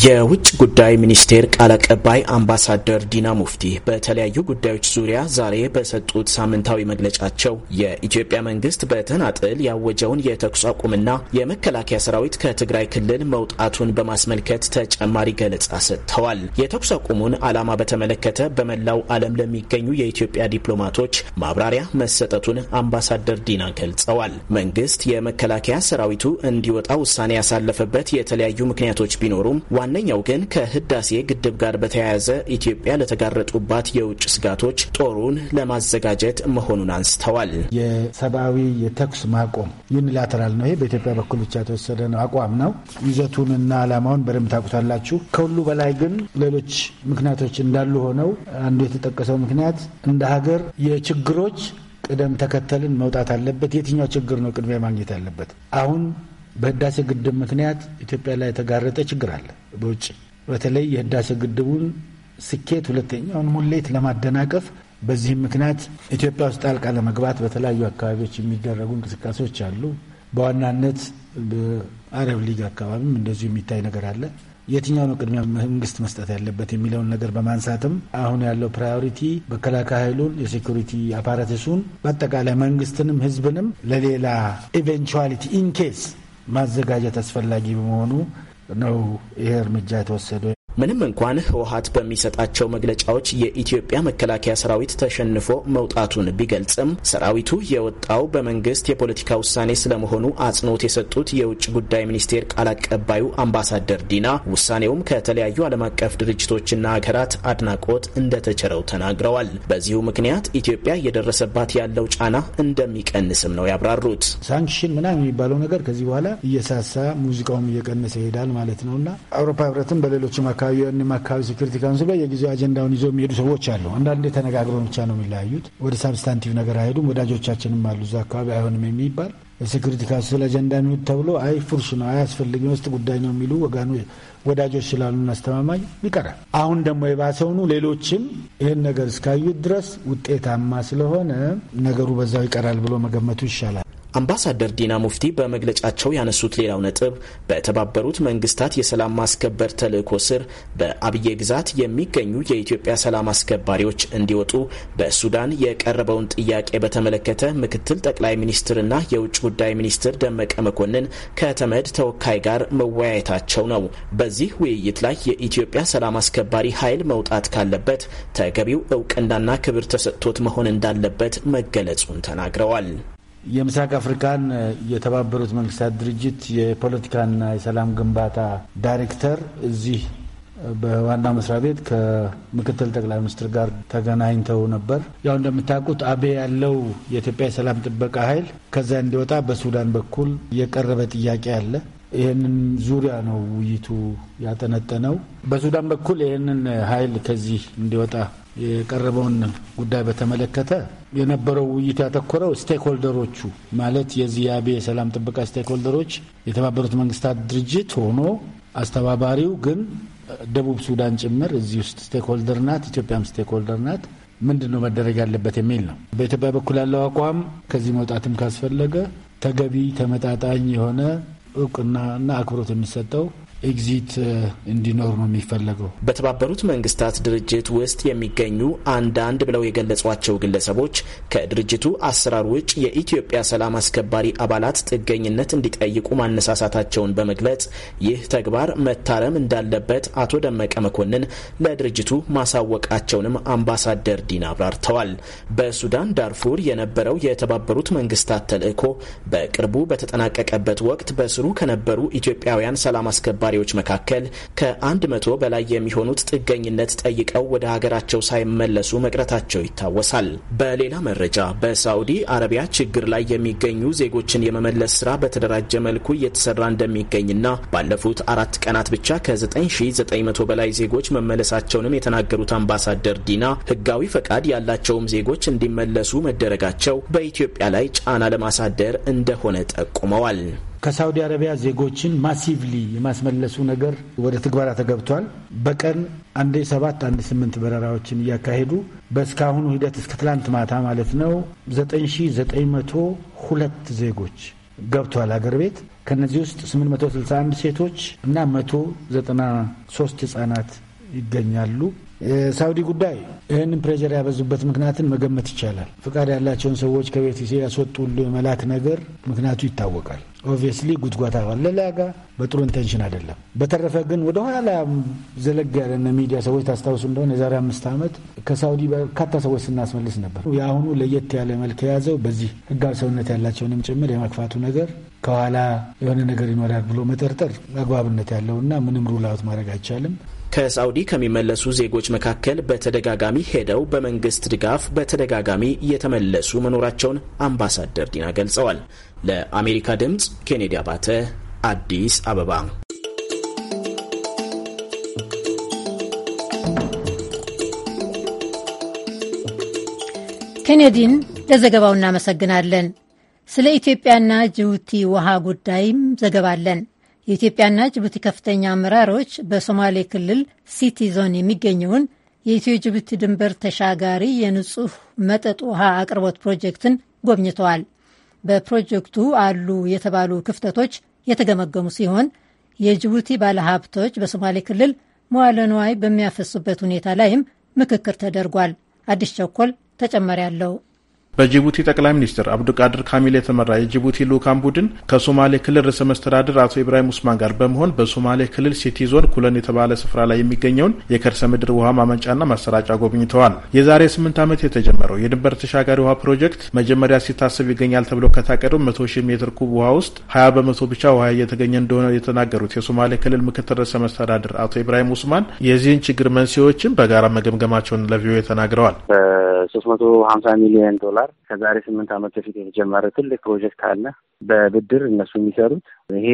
የውጭ ጉዳይ ሚኒስቴር ቃል አቀባይ አምባሳደር ዲና ሙፍቲ በተለያዩ ጉዳዮች ዙሪያ ዛሬ በሰጡት ሳምንታዊ መግለጫቸው የኢትዮጵያ መንግስት በተናጥል ያወጀውን የተኩስ አቁምና የመከላከያ ሰራዊት ከትግራይ ክልል መውጣቱን በማስመልከት ተጨማሪ ገለጻ ሰጥተዋል። የተኩስ አቁሙን ዓላማ በተመለከተ በመላው ዓለም ለሚገኙ የኢትዮጵያ ዲፕሎማቶች ማብራሪያ መሰጠቱን አምባሳደር ዲና ገልጸዋል። መንግስት የመከላከያ ሰራዊቱ እንዲወጣ ውሳኔ ያሳለፈበት የተለያዩ ምክንያቶች ቢኖሩም ዋነኛው ግን ከህዳሴ ግድብ ጋር በተያያዘ ኢትዮጵያ ለተጋረጡባት የውጭ ስጋቶች ጦሩን ለማዘጋጀት መሆኑን አንስተዋል። የሰብአዊ የተኩስ ማቆም ዩኒላተራል ነው። ይሄ በኢትዮጵያ በኩል ብቻ የተወሰደ ነው አቋም ነው። ይዘቱንና ዓላማውን በደንብ ታውቁታላችሁ። ከሁሉ በላይ ግን ሌሎች ምክንያቶች እንዳሉ ሆነው አንዱ የተጠቀሰው ምክንያት እንደ ሀገር የችግሮች ቅደም ተከተልን መውጣት አለበት። የትኛው ችግር ነው ቅድሚያ ማግኘት ያለበት? አሁን በህዳሴ ግድብ ምክንያት ኢትዮጵያ ላይ የተጋረጠ ችግር አለ። በውጭ በተለይ የህዳሴ ግድቡን ስኬት ሁለተኛውን ሙሌት ለማደናቀፍ በዚህም ምክንያት ኢትዮጵያ ውስጥ ጣልቃ ለመግባት በተለያዩ አካባቢዎች የሚደረጉ እንቅስቃሴዎች አሉ። በዋናነት በአረብ ሊግ አካባቢም እንደዚሁ የሚታይ ነገር አለ። የትኛው ነው ቅድሚያ መንግስት መስጠት ያለበት የሚለውን ነገር በማንሳትም አሁን ያለው ፕራዮሪቲ መከላከያ ኃይሉን፣ የሴኩሪቲ አፓራቲሱን፣ በአጠቃላይ መንግስትንም ህዝብንም ለሌላ ኢቨንቹዋሊቲ ኢንኬስ ማዘጋጀት አስፈላጊ በመሆኑ ነው ይሄ እርምጃ የተወሰደ። ምንም እንኳን ህወሀት በሚሰጣቸው መግለጫዎች የኢትዮጵያ መከላከያ ሰራዊት ተሸንፎ መውጣቱን ቢገልጽም ሰራዊቱ የወጣው በመንግስት የፖለቲካ ውሳኔ ስለመሆኑ አጽንኦት የሰጡት የውጭ ጉዳይ ሚኒስቴር ቃል አቀባዩ አምባሳደር ዲና ውሳኔውም ከተለያዩ ዓለም አቀፍ ድርጅቶችና ሀገራት አድናቆት እንደተቸረው ተናግረዋል። በዚሁ ምክንያት ኢትዮጵያ እየደረሰባት ያለው ጫና እንደሚቀንስም ነው ያብራሩት። ሳንክሽን ምናምን የሚባለው ነገር ከዚህ በኋላ እየሳሳ ሙዚቃውም እየቀነሰ ይሄዳል ማለት ነው እና አውሮፓ ህብረትም በሌሎችም አካባቢ የአካባቢ ወይም አካባቢ ሴኩሪቲ ካውንስል ላይ የጊዜው አጀንዳውን ይዞ የሚሄዱ ሰዎች አሉ። አንዳንዴ ተነጋግረው ብቻ ነው የሚለያዩት። ወደ ሳብስታንቲቭ ነገር አይሄዱም። ወዳጆቻችንም አሉ እዛ አካባቢ አይሆንም የሚባል የሴኩሪቲ ካውንስል አጀንዳ የሚሉት ተብሎ አይ ፉርሽ ነው አያስፈልግ ውስጥ ጉዳይ ነው የሚሉ ወጋኑ ወዳጆች ስላሉን አስተማማኝ ይቀራል። አሁን ደግሞ የባሰውኑ ሌሎችም ይህን ነገር እስካዩት ድረስ ውጤታማ ስለሆነ ነገሩ በዛው ይቀራል ብሎ መገመቱ ይሻላል። አምባሳደር ዲና ሙፍቲ በመግለጫቸው ያነሱት ሌላው ነጥብ በተባበሩት መንግስታት የሰላም ማስከበር ተልዕኮ ስር በአብየ ግዛት የሚገኙ የኢትዮጵያ ሰላም አስከባሪዎች እንዲወጡ በሱዳን የቀረበውን ጥያቄ በተመለከተ ምክትል ጠቅላይ ሚኒስትርና የውጭ ጉዳይ ሚኒስትር ደመቀ መኮንን ከተመድ ተወካይ ጋር መወያየታቸው ነው። በዚህ ውይይት ላይ የኢትዮጵያ ሰላም አስከባሪ ኃይል መውጣት ካለበት ተገቢው እውቅናና ክብር ተሰጥቶት መሆን እንዳለበት መገለጹን ተናግረዋል። የምስራቅ አፍሪካን የተባበሩት መንግስታት ድርጅት የፖለቲካና የሰላም ግንባታ ዳይሬክተር እዚህ በዋና መስሪያ ቤት ከምክትል ጠቅላይ ሚኒስትር ጋር ተገናኝተው ነበር። ያው እንደምታውቁት አቤ ያለው የኢትዮጵያ የሰላም ጥበቃ ኃይል ከዛ እንዲወጣ በሱዳን በኩል የቀረበ ጥያቄ አለ። ይህንን ዙሪያ ነው ውይይቱ ያጠነጠነው። በሱዳን በኩል ይህንን ኃይል ከዚህ እንዲወጣ የቀረበውን ጉዳይ በተመለከተ የነበረው ውይይት ያተኮረው ስቴክሆልደሮቹ ማለት የዚህ የአቤ የሰላም ጥበቃ ስቴክሆልደሮች የተባበሩት መንግስታት ድርጅት ሆኖ አስተባባሪው ግን ደቡብ ሱዳን ጭምር እዚህ ውስጥ ስቴክሆልደር ናት፣ ኢትዮጵያም ስቴክሆልደር ናት። ምንድን ነው መደረግ ያለበት የሚል ነው። በኢትዮጵያ በኩል ያለው አቋም ከዚህ መውጣትም ካስፈለገ ተገቢ ተመጣጣኝ የሆነ እና አክብሮት የሚሰጠው ኤግዚት እንዲኖር ነው የሚፈለገው። በተባበሩት መንግስታት ድርጅት ውስጥ የሚገኙ አንዳንድ ብለው የገለጿቸው ግለሰቦች ከድርጅቱ አሰራር ውጭ የኢትዮጵያ ሰላም አስከባሪ አባላት ጥገኝነት እንዲጠይቁ ማነሳሳታቸውን በመግለጽ ይህ ተግባር መታረም እንዳለበት አቶ ደመቀ መኮንን ለድርጅቱ ማሳወቃቸውንም አምባሳደር ዲና አብራርተዋል። በሱዳን ዳርፉር የነበረው የተባበሩት መንግስታት ተልዕኮ በቅርቡ በተጠናቀቀበት ወቅት በስሩ ከነበሩ ኢትዮጵያውያን ሰላም አስከባሪ ተሳፋሪዎች መካከል ከአንድ መቶ በላይ የሚሆኑት ጥገኝነት ጠይቀው ወደ ሀገራቸው ሳይመለሱ መቅረታቸው ይታወሳል። በሌላ መረጃ በሳዑዲ አረቢያ ችግር ላይ የሚገኙ ዜጎችን የመመለስ ስራ በተደራጀ መልኩ እየተሰራ እንደሚገኝና ባለፉት አራት ቀናት ብቻ ከ9900 በላይ ዜጎች መመለሳቸውንም የተናገሩት አምባሳደር ዲና ህጋዊ ፈቃድ ያላቸውም ዜጎች እንዲመለሱ መደረጋቸው በኢትዮጵያ ላይ ጫና ለማሳደር እንደሆነ ጠቁመዋል። ከሳውዲ አረቢያ ዜጎችን ማሲቭሊ የማስመለሱ ነገር ወደ ትግበራ ተገብቷል። በቀን አንዴ ሰባት አንድ ስምንት በረራዎችን እያካሄዱ በእስካሁኑ ሂደት እስከ ትላንት ማታ ማለት ነው ዘጠኝ ሺ ዘጠኝ መቶ ሁለት ዜጎች ገብቷል አገር ቤት። ከነዚህ ውስጥ 861 ሴቶች እና 193 ህጻናት ይገኛሉ። ሳውዲ ጉዳይ ይህንን ፕሬዠር ያበዙበት ምክንያትን መገመት ይቻላል። ፍቃድ ያላቸውን ሰዎች ከቤት ያስወጡል መላክ ነገር ምክንያቱ ይታወቃል። ኦብቪየስሊ ጉትጓታ አለ ላጋ በጥሩ ኢንቴንሽን አይደለም። በተረፈ ግን ወደኋላ ዘለግ ያለ ሚዲያ ሰዎች ታስታውሱ እንደሆነ የዛሬ አምስት ዓመት ከሳውዲ በርካታ ሰዎች ስናስመልስ ነበር። የአሁኑ ለየት ያለ መልክ የያዘው በዚህ ህጋዊ ሰውነት ያላቸውንም ጭምር የመግፋቱ ነገር ከኋላ የሆነ ነገር ይኖራል ብሎ መጠርጠር አግባብነት ያለውና ምንም ሩላውት ማድረግ አይቻልም። ከሳውዲ ከሚመለሱ ዜጎች መካከል በተደጋጋሚ ሄደው በመንግስት ድጋፍ በተደጋጋሚ እየተመለሱ መኖራቸውን አምባሳደር ዲና ገልጸዋል። ለአሜሪካ ድምፅ ኬኔዲ አባተ አዲስ አበባ። ኬኔዲን ለዘገባው እናመሰግናለን። ስለ ኢትዮጵያና ጅቡቲ ውሃ ጉዳይም ዘገባለን። የኢትዮጵያና ጅቡቲ ከፍተኛ አመራሮች በሶማሌ ክልል ሲቲ ዞን የሚገኘውን የኢትዮ ጅቡቲ ድንበር ተሻጋሪ የንጹህ መጠጥ ውሃ አቅርቦት ፕሮጀክትን ጎብኝተዋል። በፕሮጀክቱ አሉ የተባሉ ክፍተቶች የተገመገሙ ሲሆን የጅቡቲ ባለሀብቶች በሶማሌ ክልል መዋለ ንዋይ በሚያፈሱበት ሁኔታ ላይም ምክክር ተደርጓል። አዲስ ቸኮል ተጨማሪ አለው። በጅቡቲ ጠቅላይ ሚኒስትር አብዱልቃድር ካሚል የተመራ የጅቡቲ ልኡካን ቡድን ከሶማሌ ክልል ርዕሰ መስተዳድር አቶ ኢብራሂም ኡስማን ጋር በመሆን በሶማሌ ክልል ሲቲ ዞን ኩለን የተባለ ስፍራ ላይ የሚገኘውን የከርሰ ምድር ውሃ ማመንጫና ማሰራጫ ጎብኝተዋል። የዛሬ ስምንት ዓመት የተጀመረው የድንበር ተሻጋሪ ውሃ ፕሮጀክት መጀመሪያ ሲታሰብ ይገኛል ተብሎ ከታቀደው መቶ ሺህ ሜትር ኩብ ውሃ ውስጥ ሀያ በመቶ ብቻ ውሃ እየተገኘ እንደሆነ የተናገሩት የሶማሌ ክልል ምክትል ርዕሰ መስተዳድር አቶ ኢብራሂም ኡስማን የዚህን ችግር መንስኤዎችን በጋራ መገምገማቸውን ለቪዮኤ ተናግረዋል። ሶስት መቶ ሀምሳ ሚሊዮን ዶላር አንጻር ከዛሬ ስምንት ዓመት በፊት የተጀመረ ትልቅ ፕሮጀክት አለ። በብድር እነሱ የሚሰሩት ይሄ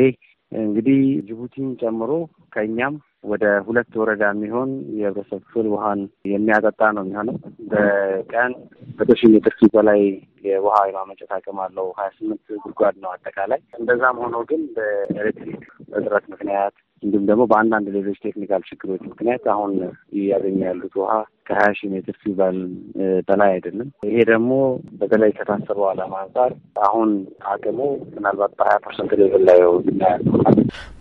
እንግዲህ ጅቡቲን ጨምሮ ከእኛም ወደ ሁለት ወረዳ የሚሆን የህብረተሰብ ክፍል ውሃን የሚያጠጣ ነው የሚሆነው። በቀን መቶ ሺህ ሜትር ኪዩብ በላይ የውሃ የማመንጨት አቅም አለው። ሀያ ስምንት ጉድጓድ ነው አጠቃላይ። እንደዛም ሆኖ ግን በኤሌክትሪክ እጥረት ምክንያት እንዲሁም ደግሞ በአንዳንድ ሌሎች ቴክኒካል ችግሮች ምክንያት አሁን እያገኘ ያሉት ውሃ ከሀያ ሺህ ሜትር ሲባል በላይ አይደለም። ይሄ ደግሞ በተለይ ከታሰበው ዓላማ አንጻር አሁን አቅሙ ምናልባት በሀያ ፐርሰንት ሌቭል ላይ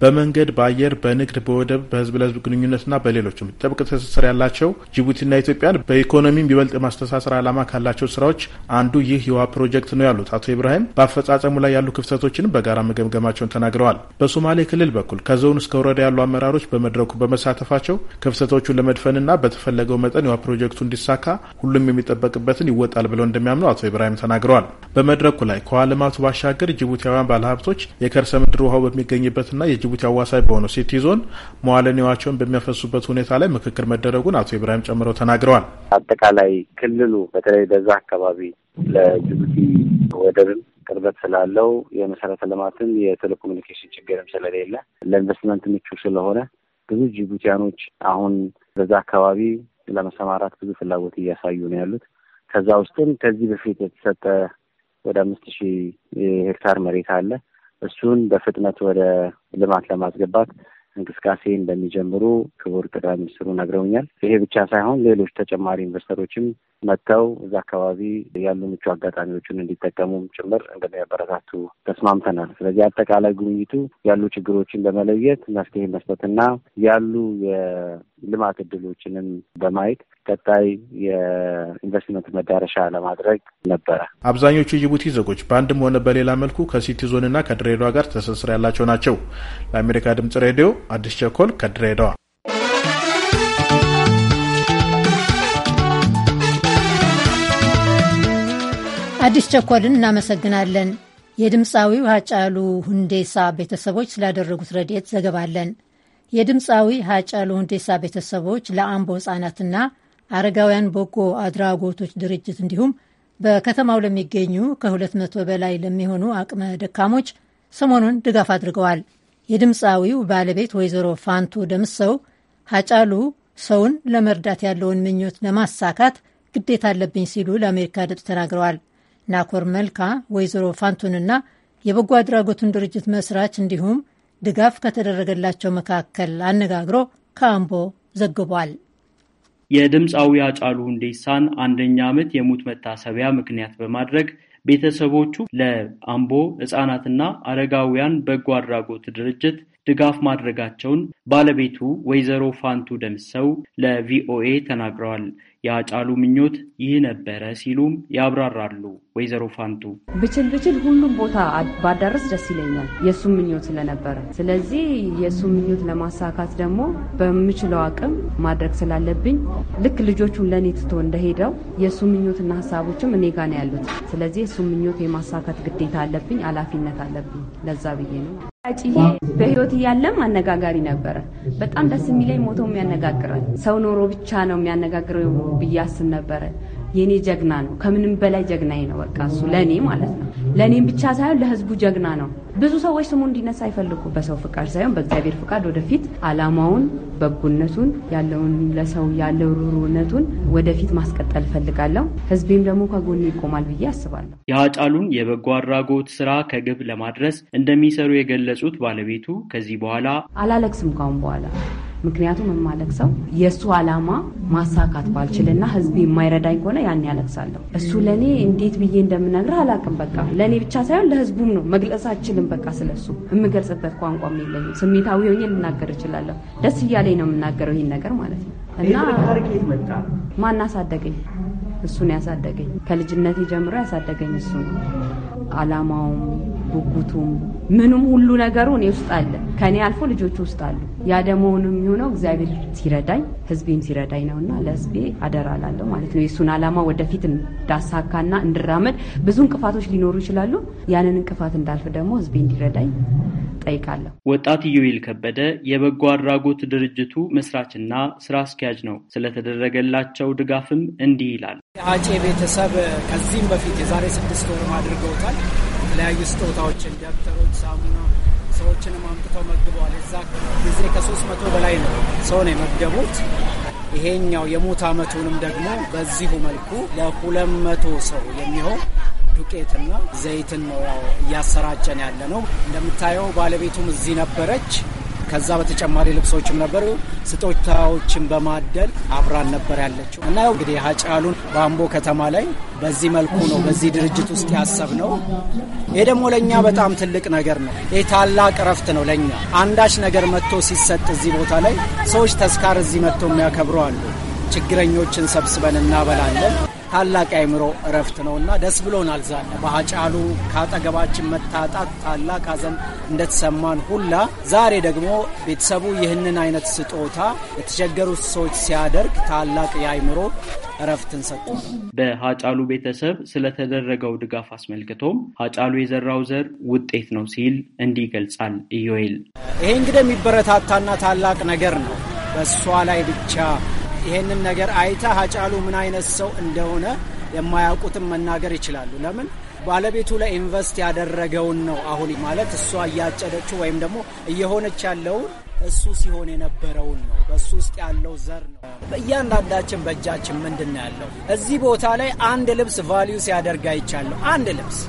በመንገድ በአየር በንግድ በወደብ በህዝብ ለህዝብ ግንኙነትና በሌሎችም ጥብቅ ትስስር ያላቸው ጅቡቲና ኢትዮጵያን በኢኮኖሚም ይበልጥ የማስተሳሰር ዓላማ ካላቸው ስራዎች አንዱ ይህ የውሃ ፕሮጀክት ነው ያሉት አቶ ኢብራሂም በአፈጻጸሙ ላይ ያሉ ክፍተቶችንም በጋራ መገምገማቸውን ተናግረዋል። በሶማሌ ክልል በኩል ከዞን እስከ ወረዳ ያሉ አመራሮች በመድረኩ በመሳተፋቸው ክፍተቶቹን ለመድፈንና በተፈለገው መጠን ፕሮጀክቱ እንዲሳካ ሁሉም የሚጠበቅበትን ይወጣል ብለው እንደሚያምኑ አቶ ኢብራሂም ተናግረዋል። በመድረኩ ላይ ከውሃ ልማቱ ባሻገር ጅቡቲያውያን ባለሀብቶች የከርሰ ምድር ውሃው በሚገኝበትና የጅቡቲ አዋሳኝ በሆነው ሲቲ ዞን መዋለ ንዋያቸውን በሚያፈሱበት ሁኔታ ላይ ምክክር መደረጉን አቶ ኢብራሂም ጨምረው ተናግረዋል። አጠቃላይ ክልሉ በተለይ በዛ አካባቢ ለጅቡቲ ወደብም ቅርበት ስላለው የመሰረተ ልማትም የቴሌኮሙኒኬሽን ችግርም ስለሌለ ለኢንቨስትመንት ምቹ ስለሆነ ብዙ ጅቡቲያኖች አሁን በዛ አካባቢ ለመሰማራት ብዙ ፍላጎት እያሳዩ ነው ያሉት። ከዛ ውስጥም ከዚህ በፊት የተሰጠ ወደ አምስት ሺህ ሄክታር መሬት አለ። እሱን በፍጥነት ወደ ልማት ለማስገባት እንቅስቃሴ እንደሚጀምሩ ክቡር ጠቅላይ ሚኒስትሩ ነግረውኛል። ይሄ ብቻ ሳይሆን ሌሎች ተጨማሪ ኢንቨስተሮችም መጥተው እዛ አካባቢ ያሉ ምቹ አጋጣሚዎችን እንዲጠቀሙም ጭምር እንደሚያበረታቱ ተስማምተናል። ስለዚህ አጠቃላይ ጉብኝቱ ያሉ ችግሮችን በመለየት መፍትሄ መስጠትና ያሉ የልማት እድሎችንም በማየት ቀጣይ የኢንቨስትመንት መዳረሻ ለማድረግ ነበረ። አብዛኞቹ የጅቡቲ ዜጎች በአንድም ሆነ በሌላ መልኩ ከሲቲ ዞንና ከድሬዳዋ ጋር ትስስር ያላቸው ናቸው። ለአሜሪካ ድምጽ ሬዲዮ አዲስ ቸኮል ከድሬዳዋ አዲስ ቸኮልን እናመሰግናለን። የድምፃዊው ሀጫሉ ሁንዴሳ ቤተሰቦች ስላደረጉት ረድኤት ዘገባለን። የድምፃዊ ሀጫሉ ሁንዴሳ ቤተሰቦች ለአምቦ ህጻናትና አረጋውያን በጎ አድራጎቶች ድርጅት እንዲሁም በከተማው ለሚገኙ ከ200 በላይ ለሚሆኑ አቅመ ደካሞች ሰሞኑን ድጋፍ አድርገዋል። የድምፃዊው ባለቤት ወይዘሮ ፋንቱ ደምሰው ሀጫሉ ሰውን ለመርዳት ያለውን ምኞት ለማሳካት ግዴታ አለብኝ ሲሉ ለአሜሪካ ድምፅ ተናግረዋል። ናኮር መልካ ወይዘሮ ፋንቱንና የበጎ አድራጎቱን ድርጅት መስራች እንዲሁም ድጋፍ ከተደረገላቸው መካከል አነጋግሮ ከአምቦ ዘግቧል። የድምፃዊ አጫሉ ሁንዴሳን አንደኛ ዓመት የሙት መታሰቢያ ምክንያት በማድረግ ቤተሰቦቹ ለአምቦ ህፃናትና አረጋውያን በጎ አድራጎት ድርጅት ድጋፍ ማድረጋቸውን ባለቤቱ ወይዘሮ ፋንቱ ደምሰው ለቪኦኤ ተናግረዋል። የአጫሉ ምኞት ይህ ነበረ ሲሉም ያብራራሉ ወይዘሮ ፋንቱ። ብችል ብችል ሁሉም ቦታ ባዳረስ ደስ ይለኛል የእሱ ምኞት ስለነበረ፣ ስለዚህ የእሱ ምኞት ለማሳካት ደግሞ በምችለው አቅም ማድረግ ስላለብኝ ልክ ልጆቹን ለእኔ ትቶ እንደሄደው የእሱ ምኞትና ሀሳቦችም እኔ ጋ ነው ያሉት። ስለዚህ የእሱ ምኞት የማሳካት ግዴታ አለብኝ፣ ኃላፊነት አለብኝ። ለዛ ብዬ ነው አጭዬ በህይወት እያለም አነጋጋሪ ነበረ። በጣም ደስ የሚለኝ ሞቶ የሚያነጋግረን ሰው ኖሮ ብቻ ነው የሚያነጋግረው ብዬ አስብ ነበረ። የኔ ጀግና ነው። ከምንም በላይ ጀግናዬ ነው። በቃ እሱ ለእኔ ማለት ነው። ለእኔም ብቻ ሳይሆን ለህዝቡ ጀግና ነው። ብዙ ሰዎች ስሙ እንዲነሳ አይፈልጉ። በሰው ፍቃድ ሳይሆን በእግዚአብሔር ፍቃድ ወደፊት አላማውን፣ በጎነቱን፣ ያለውን ለሰው ያለው ሩሩነቱን ወደፊት ማስቀጠል እፈልጋለሁ። ህዝቤም ደግሞ ከጎን ይቆማል ብዬ አስባለሁ። የሀጫሉን የበጎ አድራጎት ስራ ከግብ ለማድረስ እንደሚሰሩ የገለጹት ባለቤቱ ከዚህ በኋላ አላለቅስም ካሁን በኋላ ምክንያቱም ሰው የእሱ አላማ ማሳካት ባልችልና ህዝብ የማይረዳኝ ከሆነ ያን ያለቅሳለሁ። እሱ ለእኔ እንዴት ብዬ እንደምነግርህ አላቅም። በቃ ለእኔ ብቻ ሳይሆን ለህዝቡም ነው መግለጽ አልችልም። በቃ ስለሱ የምገልጽበት ቋንቋም የለኝም። ስሜታዊ ሆኜ ልናገር እችላለሁ። ደስ እያለኝ ነው የምናገረው ይህን ነገር ማለት ነው። እና ማን አሳደገኝ? እሱ ያሳደገኝ። ከልጅነቴ ጀምሮ ያሳደገኝ እሱ ነው። አላማውም ጉጉቱም ምኑም ሁሉ ነገሩ እኔ ውስጥ አለ፣ ከእኔ አልፎ ልጆች ውስጥ አሉ። ያ ደግሞ የሚሆነው እግዚአብሔር ሲረዳኝ ህዝቤም ሲረዳኝ ነውና ለህዝቤ አደራ እላለሁ ማለት ነው። የእሱን ዓላማ ወደፊት እንዳሳካና እንድራመድ ብዙ እንቅፋቶች ሊኖሩ ይችላሉ። ያንን እንቅፋት እንዳልፍ ደግሞ ህዝቤ እንዲረዳኝ ጠይቃለሁ። ወጣት ኢዮኤል ከበደ የበጎ አድራጎት ድርጅቱ መስራችና ስራ አስኪያጅ ነው። ስለተደረገላቸው ድጋፍም እንዲህ ይላል። አጬ ቤተሰብ ከዚህም በፊት የዛሬ ስድስት ወርም አድርገውታል። የተለያዩ ስጦታዎችን ደብተሮች ሳሙና ሰዎችንም አምጥተው መግበዋል። የዛ ጊዜ ከሶስት መቶ በላይ ነው ሰውን የመገቡት። ይሄኛው የሙት አመቱንም ደግሞ በዚሁ መልኩ ለሁለት መቶ ሰው የሚሆን ዱቄትና ዘይትን ነው ያው እያሰራጨን ያለ ነው። እንደምታየው ባለቤቱም እዚህ ነበረች። ከዛ በተጨማሪ ልብሶችም ነበሩ። ስጦታዎችን በማደል አብራን ነበር ያለችው እና እንግዲህ ሀጫሉን በአምቦ ከተማ ላይ በዚህ መልኩ ነው በዚህ ድርጅት ውስጥ ነው። ይህ ደግሞ ለእኛ በጣም ትልቅ ነገር ነው። ይህ ታላቅ ረፍት ነው ለእኛ። አንዳች ነገር መጥቶ ሲሰጥ እዚህ ቦታ ላይ ሰዎች ተስካር እዚህ መጥቶ የሚያከብረዋሉ። ችግረኞችን ሰብስበን እናበላለን። ታላቅ አእምሮ እረፍት ነው እና ደስ ብሎናል። ዛለ በሀጫሉ ከአጠገባችን መታጣት ታላቅ ሀዘን እንደተሰማን ሁላ ዛሬ ደግሞ ቤተሰቡ ይህንን አይነት ስጦታ የተቸገሩት ሰዎች ሲያደርግ ታላቅ የአእምሮ እረፍትን ሰጡ። በሀጫሉ ቤተሰብ ስለተደረገው ድጋፍ አስመልክቶም ሀጫሉ የዘራው ዘር ውጤት ነው ሲል እንዲህ ይገልጻል ኢዮኤል። ይሄ እንግዲህ የሚበረታታና ታላቅ ነገር ነው። በእሷ ላይ ብቻ ይሄንን ነገር አይታ ሀጫሉ ምን አይነት ሰው እንደሆነ የማያውቁትን መናገር ይችላሉ። ለምን ባለቤቱ ለኢንቨስት ያደረገውን ነው። አሁን ማለት እሷ እያጨደችው ወይም ደግሞ እየሆነች ያለውን እሱ ሲሆን የነበረውን ነው። በእሱ ውስጥ ያለው ዘር ነው። እያንዳንዳችን በእጃችን ምንድን ነው ያለው? እዚህ ቦታ ላይ አንድ ልብስ ቫሊዩ ሲያደርግ አይቻለሁ። አንድ ልብስ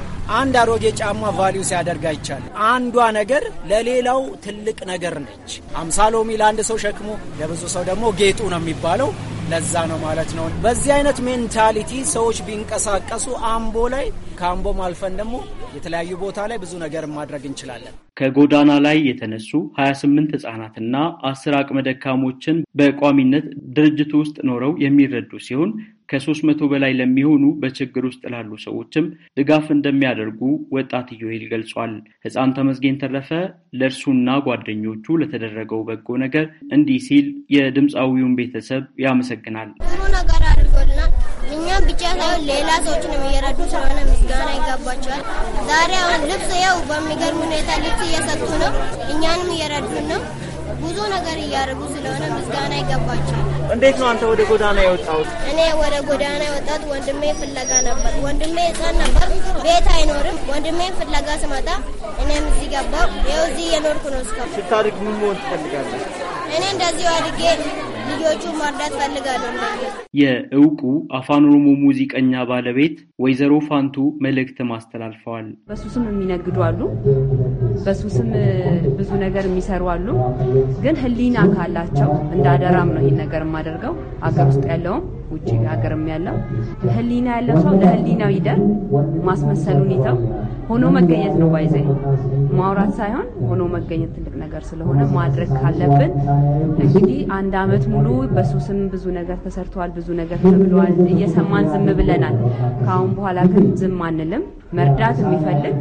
አንድ አሮጌ ጫማ ቫሊዩ ሲያደርግ አይቻለሁ። አንዷ ነገር ለሌላው ትልቅ ነገር ነች። አምሳ ሎሚ ለአንድ ሰው ሸክሞ ለብዙ ሰው ደግሞ ጌጡ ነው የሚባለው። ለዛ ነው ማለት ነው። በዚህ አይነት ሜንታሊቲ ሰዎች ቢንቀሳቀሱ አምቦ ላይ ከአምቦ አልፈን ደግሞ የተለያዩ ቦታ ላይ ብዙ ነገር ማድረግ እንችላለን። ከጎዳና ላይ የተነሱ 28 ህጻናትና አስር አቅመ ደካሞችን በቋሚነት ድርጅቱ ውስጥ ኖረው የሚረዱ ሲሆን ከሶስት መቶ በላይ ለሚሆኑ በችግር ውስጥ ላሉ ሰዎችም ድጋፍ እንደሚያደርጉ ወጣት ዮኤል ገልጿል። ህፃን ተመዝጌን ተረፈ ለእርሱና ጓደኞቹ ለተደረገው በጎ ነገር እንዲህ ሲል የድምፃዊውን ቤተሰብ ያመሰግናል። ብቻ ሳይሆን ሌላ ሰዎችን እየረዱ ስለሆነ ምስጋና ይገባቸዋል። ዛሬ አሁን ልብስ ያው በሚገርም ሁኔታ ልብስ እየሰጡ ነው፣ እኛንም እየረዱን ነው። ብዙ ነገር እያደረጉ ስለሆነ ምስጋና ይገባቸዋል። እንዴት ነው አንተ ወደ ጎዳና የወጣሁት? እኔ ወደ ጎዳና የወጣሁት ወንድሜ ፍለጋ ነበር። ወንድሜ ሕፃን ነበር፣ ቤት አይኖርም። ወንድሜ ፍለጋ ስመጣ እኔም እዚህ ገባሁ። ይኸው እዚህ እየኖርኩ ነው እስካሁን። ስታድግ ምን መሆን ትፈልጋለህ? እኔ እንደዚሁ አድጌ ልጆቹ መርዳት ፈልጋለሁ። የእውቁ አፋን ኦሮሞ ሙዚቀኛ ባለቤት ወይዘሮ ፋንቱ መልእክትም አስተላልፈዋል። በሱ ስም የሚነግዱ አሉ፣ በሱ ስም ብዙ ነገር የሚሰሩ አሉ። ግን ህሊና ካላቸው እንደ አደራም ነው ይህን ነገር የማደርገው አገር ውስጥ ያለውም ውጭ ሀገርም ያለው ህሊና ያለው ሰው ለህሊና ይደር፣ ማስመሰሉን ይተው። ሆኖ መገኘት ነው ባይዘ ማውራት ሳይሆን ሆኖ መገኘት ትልቅ ነገር ስለሆነ ማድረግ ካለብን እንግዲህ አንድ አመት ሙሉ በሱ ስም ብዙ ነገር ተሰርተዋል፣ ብዙ ነገር ተብለዋል። እየሰማን ዝም ብለናል። ከአሁን በኋላ ግን ዝም አንልም። መርዳት የሚፈልግ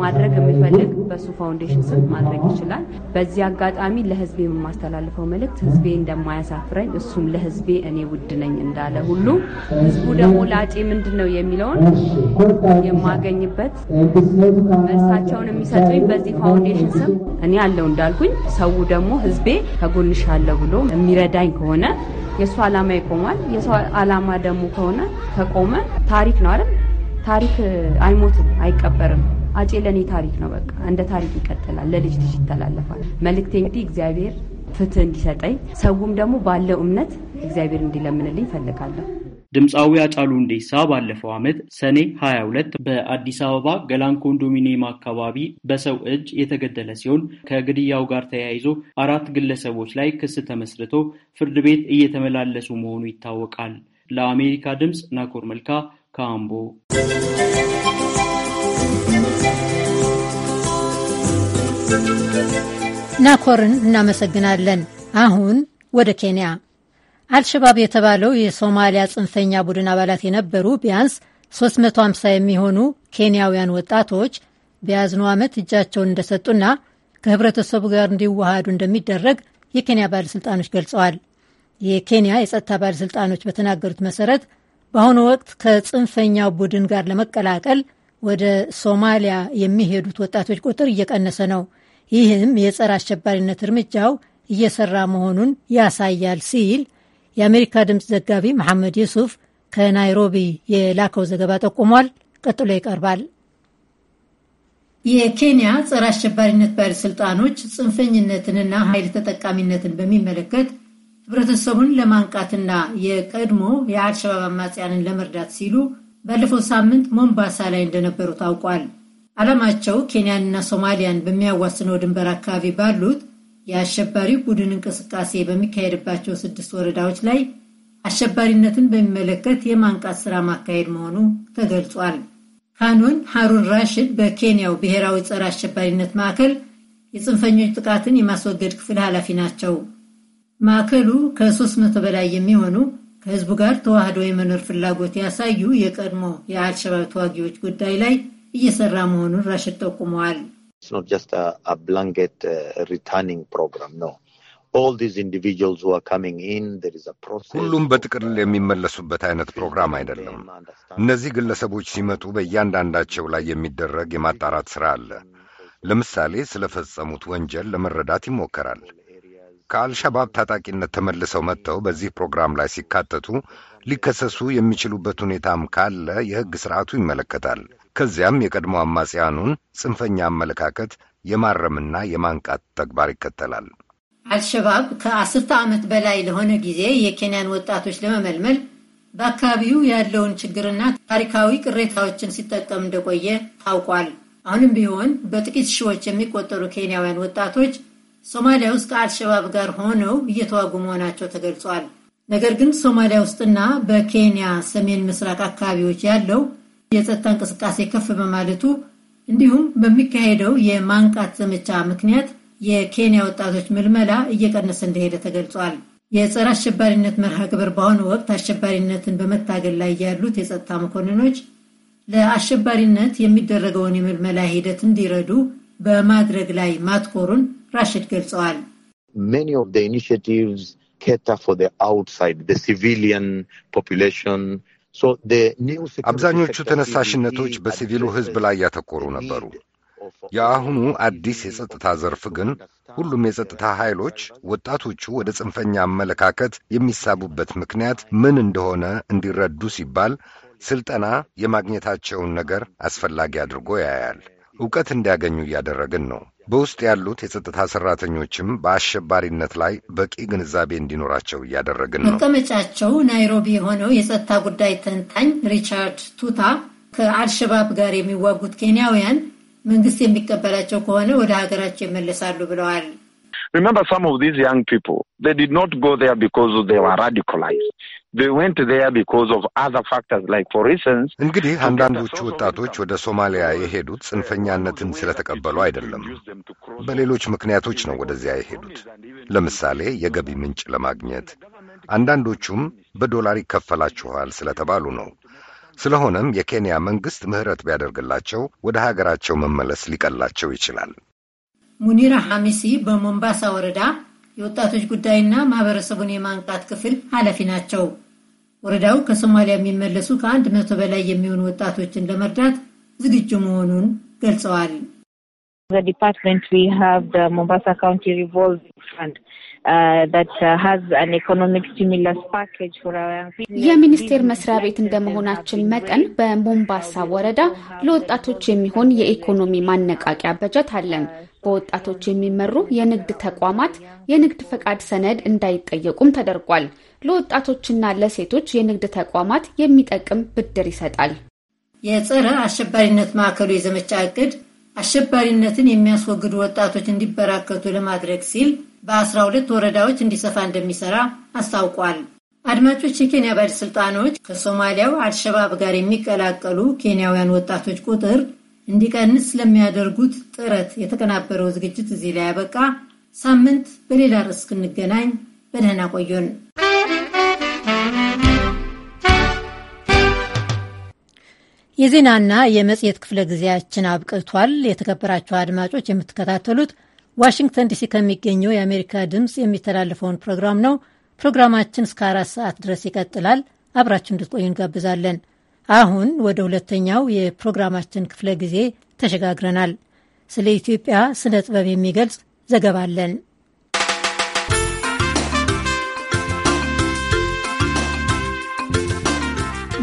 ማድረግ የሚፈልግ በሱ ፋውንዴሽን ስም ማድረግ ይችላል። በዚህ አጋጣሚ ለህዝቤ የማስተላልፈው መልእክት ህዝቤ እንደማያሳፍረኝ እሱም ለህዝቤ እኔ ውድ ነኝ እንዳለ ሁሉ ህዝቡ ደግሞ ለአፄ ምንድን ነው የሚለውን የማገኝበት መልሳቸውን የሚሰጡኝ በዚህ ፋውንዴሽን ስም እኔ አለው እንዳልኩኝ ሰው ደግሞ ህዝቤ ከጎንሻለሁ ብሎ የሚረዳኝ ከሆነ የእሱ አላማ ይቆማል። የሰው አላማ ደግሞ ከሆነ ከቆመ ታሪክ ነው አይደል? ታሪክ አይሞትም፣ አይቀበርም። አፄ ለእኔ ታሪክ ነው። በቃ እንደ ታሪክ ይቀጥላል፣ ለልጅ ልጅ ይተላለፋል። መልእክቴ እንግዲህ እግዚአብሔር ፍትህ እንዲሰጠኝ፣ ሰውም ደግሞ ባለው እምነት እግዚአብሔር እንዲለምንልኝ እፈልጋለሁ። ድምፃዊ ሃጫሉ ሁንዴሳ ባለፈው ዓመት ሰኔ 22 በአዲስ አበባ ገላን ኮንዶሚኒየም አካባቢ በሰው እጅ የተገደለ ሲሆን ከግድያው ጋር ተያይዞ አራት ግለሰቦች ላይ ክስ ተመስርቶ ፍርድ ቤት እየተመላለሱ መሆኑ ይታወቃል። ለአሜሪካ ድምፅ ናኮር መልካ ካምቦ ናኮርን እናመሰግናለን። አሁን ወደ ኬንያ አልሸባብ የተባለው የሶማሊያ ጽንፈኛ ቡድን አባላት የነበሩ ቢያንስ 350 የሚሆኑ ኬንያውያን ወጣቶች በያዝነው ዓመት እጃቸውን እንደሰጡና ከህብረተሰቡ ጋር እንዲዋሃዱ እንደሚደረግ የኬንያ ባለሥልጣኖች ገልጸዋል። የኬንያ የጸጥታ ባለሥልጣኖች በተናገሩት መሠረት በአሁኑ ወቅት ከጽንፈኛው ቡድን ጋር ለመቀላቀል ወደ ሶማሊያ የሚሄዱት ወጣቶች ቁጥር እየቀነሰ ነው። ይህም የጸረ አሸባሪነት እርምጃው እየሰራ መሆኑን ያሳያል ሲል የአሜሪካ ድምፅ ዘጋቢ መሐመድ ዩሱፍ ከናይሮቢ የላከው ዘገባ ጠቁሟል። ቀጥሎ ይቀርባል። የኬንያ ጸረ አሸባሪነት ባለሥልጣኖች ጽንፈኝነትንና ኃይል ተጠቃሚነትን በሚመለከት ህብረተሰቡን ለማንቃትና የቀድሞ የአልሸባብ አማጽያንን ለመርዳት ሲሉ ባለፈው ሳምንት ሞምባሳ ላይ እንደነበሩ ታውቋል። ዓላማቸው ኬንያንና ሶማሊያን በሚያዋስነው ድንበር አካባቢ ባሉት የአሸባሪ ቡድን እንቅስቃሴ በሚካሄድባቸው ስድስት ወረዳዎች ላይ አሸባሪነትን በሚመለከት የማንቃት ስራ ማካሄድ መሆኑ ተገልጿል። ካኑን ሐሩን ራሽድ በኬንያው ብሔራዊ ጸረ አሸባሪነት ማዕከል የጽንፈኞች ጥቃትን የማስወገድ ክፍል ኃላፊ ናቸው። ማዕከሉ ከ300 በላይ የሚሆኑ ከህዝቡ ጋር ተዋህዶ የመኖር ፍላጎት ያሳዩ የቀድሞ የአልሸባብ ተዋጊዎች ጉዳይ ላይ እየሰራ መሆኑን ራሽድ ጠቁመዋል። It's not just a, a blanket uh, returning program, no. ሁሉም በጥቅል uh, የሚመለሱበት አይነት ፕሮግራም አይደለም። እነዚህ ግለሰቦች ሲመጡ በእያንዳንዳቸው ላይ የሚደረግ የማጣራት ሥራ አለ። ለምሳሌ ስለፈጸሙት ወንጀል ለመረዳት ይሞከራል። ከአልሸባብ ታጣቂነት ተመልሰው መጥተው በዚህ ፕሮግራም ላይ ሲካተቱ ሊከሰሱ የሚችሉበት ሁኔታም ካለ የሕግ ሥርዓቱ ይመለከታል። ከዚያም የቀድሞ አማጽያኑን ጽንፈኛ አመለካከት የማረምና የማንቃት ተግባር ይከተላል። አልሸባብ ከአስርተ ዓመት በላይ ለሆነ ጊዜ የኬንያን ወጣቶች ለመመልመል በአካባቢው ያለውን ችግርና ታሪካዊ ቅሬታዎችን ሲጠቀም እንደቆየ ታውቋል። አሁንም ቢሆን በጥቂት ሺዎች የሚቆጠሩ ኬንያውያን ወጣቶች ሶማሊያ ውስጥ ከአልሸባብ ጋር ሆነው እየተዋጉ መሆናቸው ተገልጿል። ነገር ግን ሶማሊያ ውስጥና በኬንያ ሰሜን ምስራቅ አካባቢዎች ያለው የጸጥታ እንቅስቃሴ ከፍ በማለቱ እንዲሁም በሚካሄደው የማንቃት ዘመቻ ምክንያት የኬንያ ወጣቶች ምልመላ እየቀነሰ እንደሄደ ተገልጿል። የጸረ አሸባሪነት መርሃ ግብር በአሁኑ ወቅት አሸባሪነትን በመታገል ላይ ያሉት የጸጥታ መኮንኖች ለአሸባሪነት የሚደረገውን የምልመላ ሂደት እንዲረዱ በማድረግ ላይ ማትኮሩን ራሽድ ገልጸዋል። አብዛኞቹ ተነሳሽነቶች በሲቪሉ ሕዝብ ላይ ያተኮሩ ነበሩ። የአሁኑ አዲስ የጸጥታ ዘርፍ ግን ሁሉም የጸጥታ ኃይሎች ወጣቶቹ ወደ ጽንፈኛ አመለካከት የሚሳቡበት ምክንያት ምን እንደሆነ እንዲረዱ ሲባል ስልጠና የማግኘታቸውን ነገር አስፈላጊ አድርጎ ያያል። እውቀት እንዲያገኙ እያደረግን ነው። በውስጥ ያሉት የጸጥታ ሰራተኞችም በአሸባሪነት ላይ በቂ ግንዛቤ እንዲኖራቸው እያደረግን ነው። መቀመጫቸው ናይሮቢ የሆነው የጸጥታ ጉዳይ ተንታኝ ሪቻርድ ቱታ ከአልሸባብ ጋር የሚዋጉት ኬንያውያን መንግስት የሚቀበላቸው ከሆነ ወደ ሀገራቸው ይመለሳሉ ብለዋል። Remember, some of these young people, they did not go there because they were radicalized. They went there because of other factors like for instance እንግዲህ አንዳንዶቹ ወጣቶች ወደ ሶማሊያ የሄዱት ጽንፈኛነትን ስለተቀበሉ አይደለም። በሌሎች ምክንያቶች ነው ወደዚያ የሄዱት። ለምሳሌ የገቢ ምንጭ ለማግኘት፣ አንዳንዶቹም በዶላር ይከፈላችኋል ስለተባሉ ነው። ስለሆነም የኬንያ መንግሥት ምሕረት ቢያደርግላቸው ወደ ሀገራቸው መመለስ ሊቀላቸው ይችላል። ሙኒራ ሐሚሲ በሞምባሳ ወረዳ የወጣቶች ጉዳይና ማህበረሰቡን የማንቃት ክፍል ኃላፊ ናቸው። ወረዳው ከሶማሊያ የሚመለሱ ከአንድ መቶ በላይ የሚሆኑ ወጣቶችን ለመርዳት ዝግጁ መሆኑን ገልጸዋል። ዲፓርትመንት ሞምባሳ ካውንቲ ሪቮልቪንግ ፈንድ Uh, uh, የሚኒስቴር መስሪያ ቤት እንደመሆናችን መጠን በሞምባሳ ወረዳ ለወጣቶች የሚሆን የኢኮኖሚ ማነቃቂያ በጀት አለን። በወጣቶች የሚመሩ የንግድ ተቋማት የንግድ ፈቃድ ሰነድ እንዳይጠየቁም ተደርጓል። ለወጣቶችና ለሴቶች የንግድ ተቋማት የሚጠቅም ብድር ይሰጣል። የጸረ አሸባሪነት ማዕከሉ የዘመቻ እቅድ አሸባሪነትን የሚያስወግዱ ወጣቶች እንዲበራከቱ ለማድረግ ሲል በ12 ወረዳዎች እንዲሰፋ እንደሚሰራ አስታውቋል። አድማጮች፣ የኬንያ ባለሥልጣኖች ከሶማሊያው አልሸባብ ጋር የሚቀላቀሉ ኬንያውያን ወጣቶች ቁጥር እንዲቀንስ ስለሚያደርጉት ጥረት የተቀናበረው ዝግጅት እዚህ ላይ ያበቃ። ሳምንት በሌላ ርዕስ እስክንገናኝ በደህና ቆዩን። የዜናና የመጽሔት ክፍለ ጊዜያችን አብቅቷል። የተከበራችሁ አድማጮች የምትከታተሉት ዋሽንግተን ዲሲ ከሚገኘው የአሜሪካ ድምፅ የሚተላለፈውን ፕሮግራም ነው። ፕሮግራማችን እስከ አራት ሰዓት ድረስ ይቀጥላል። አብራችሁ እንድትቆዩ እንጋብዛለን። አሁን ወደ ሁለተኛው የፕሮግራማችን ክፍለ ጊዜ ተሸጋግረናል። ስለ ኢትዮጵያ ስነ ጥበብ የሚገልጽ ዘገባ አለን።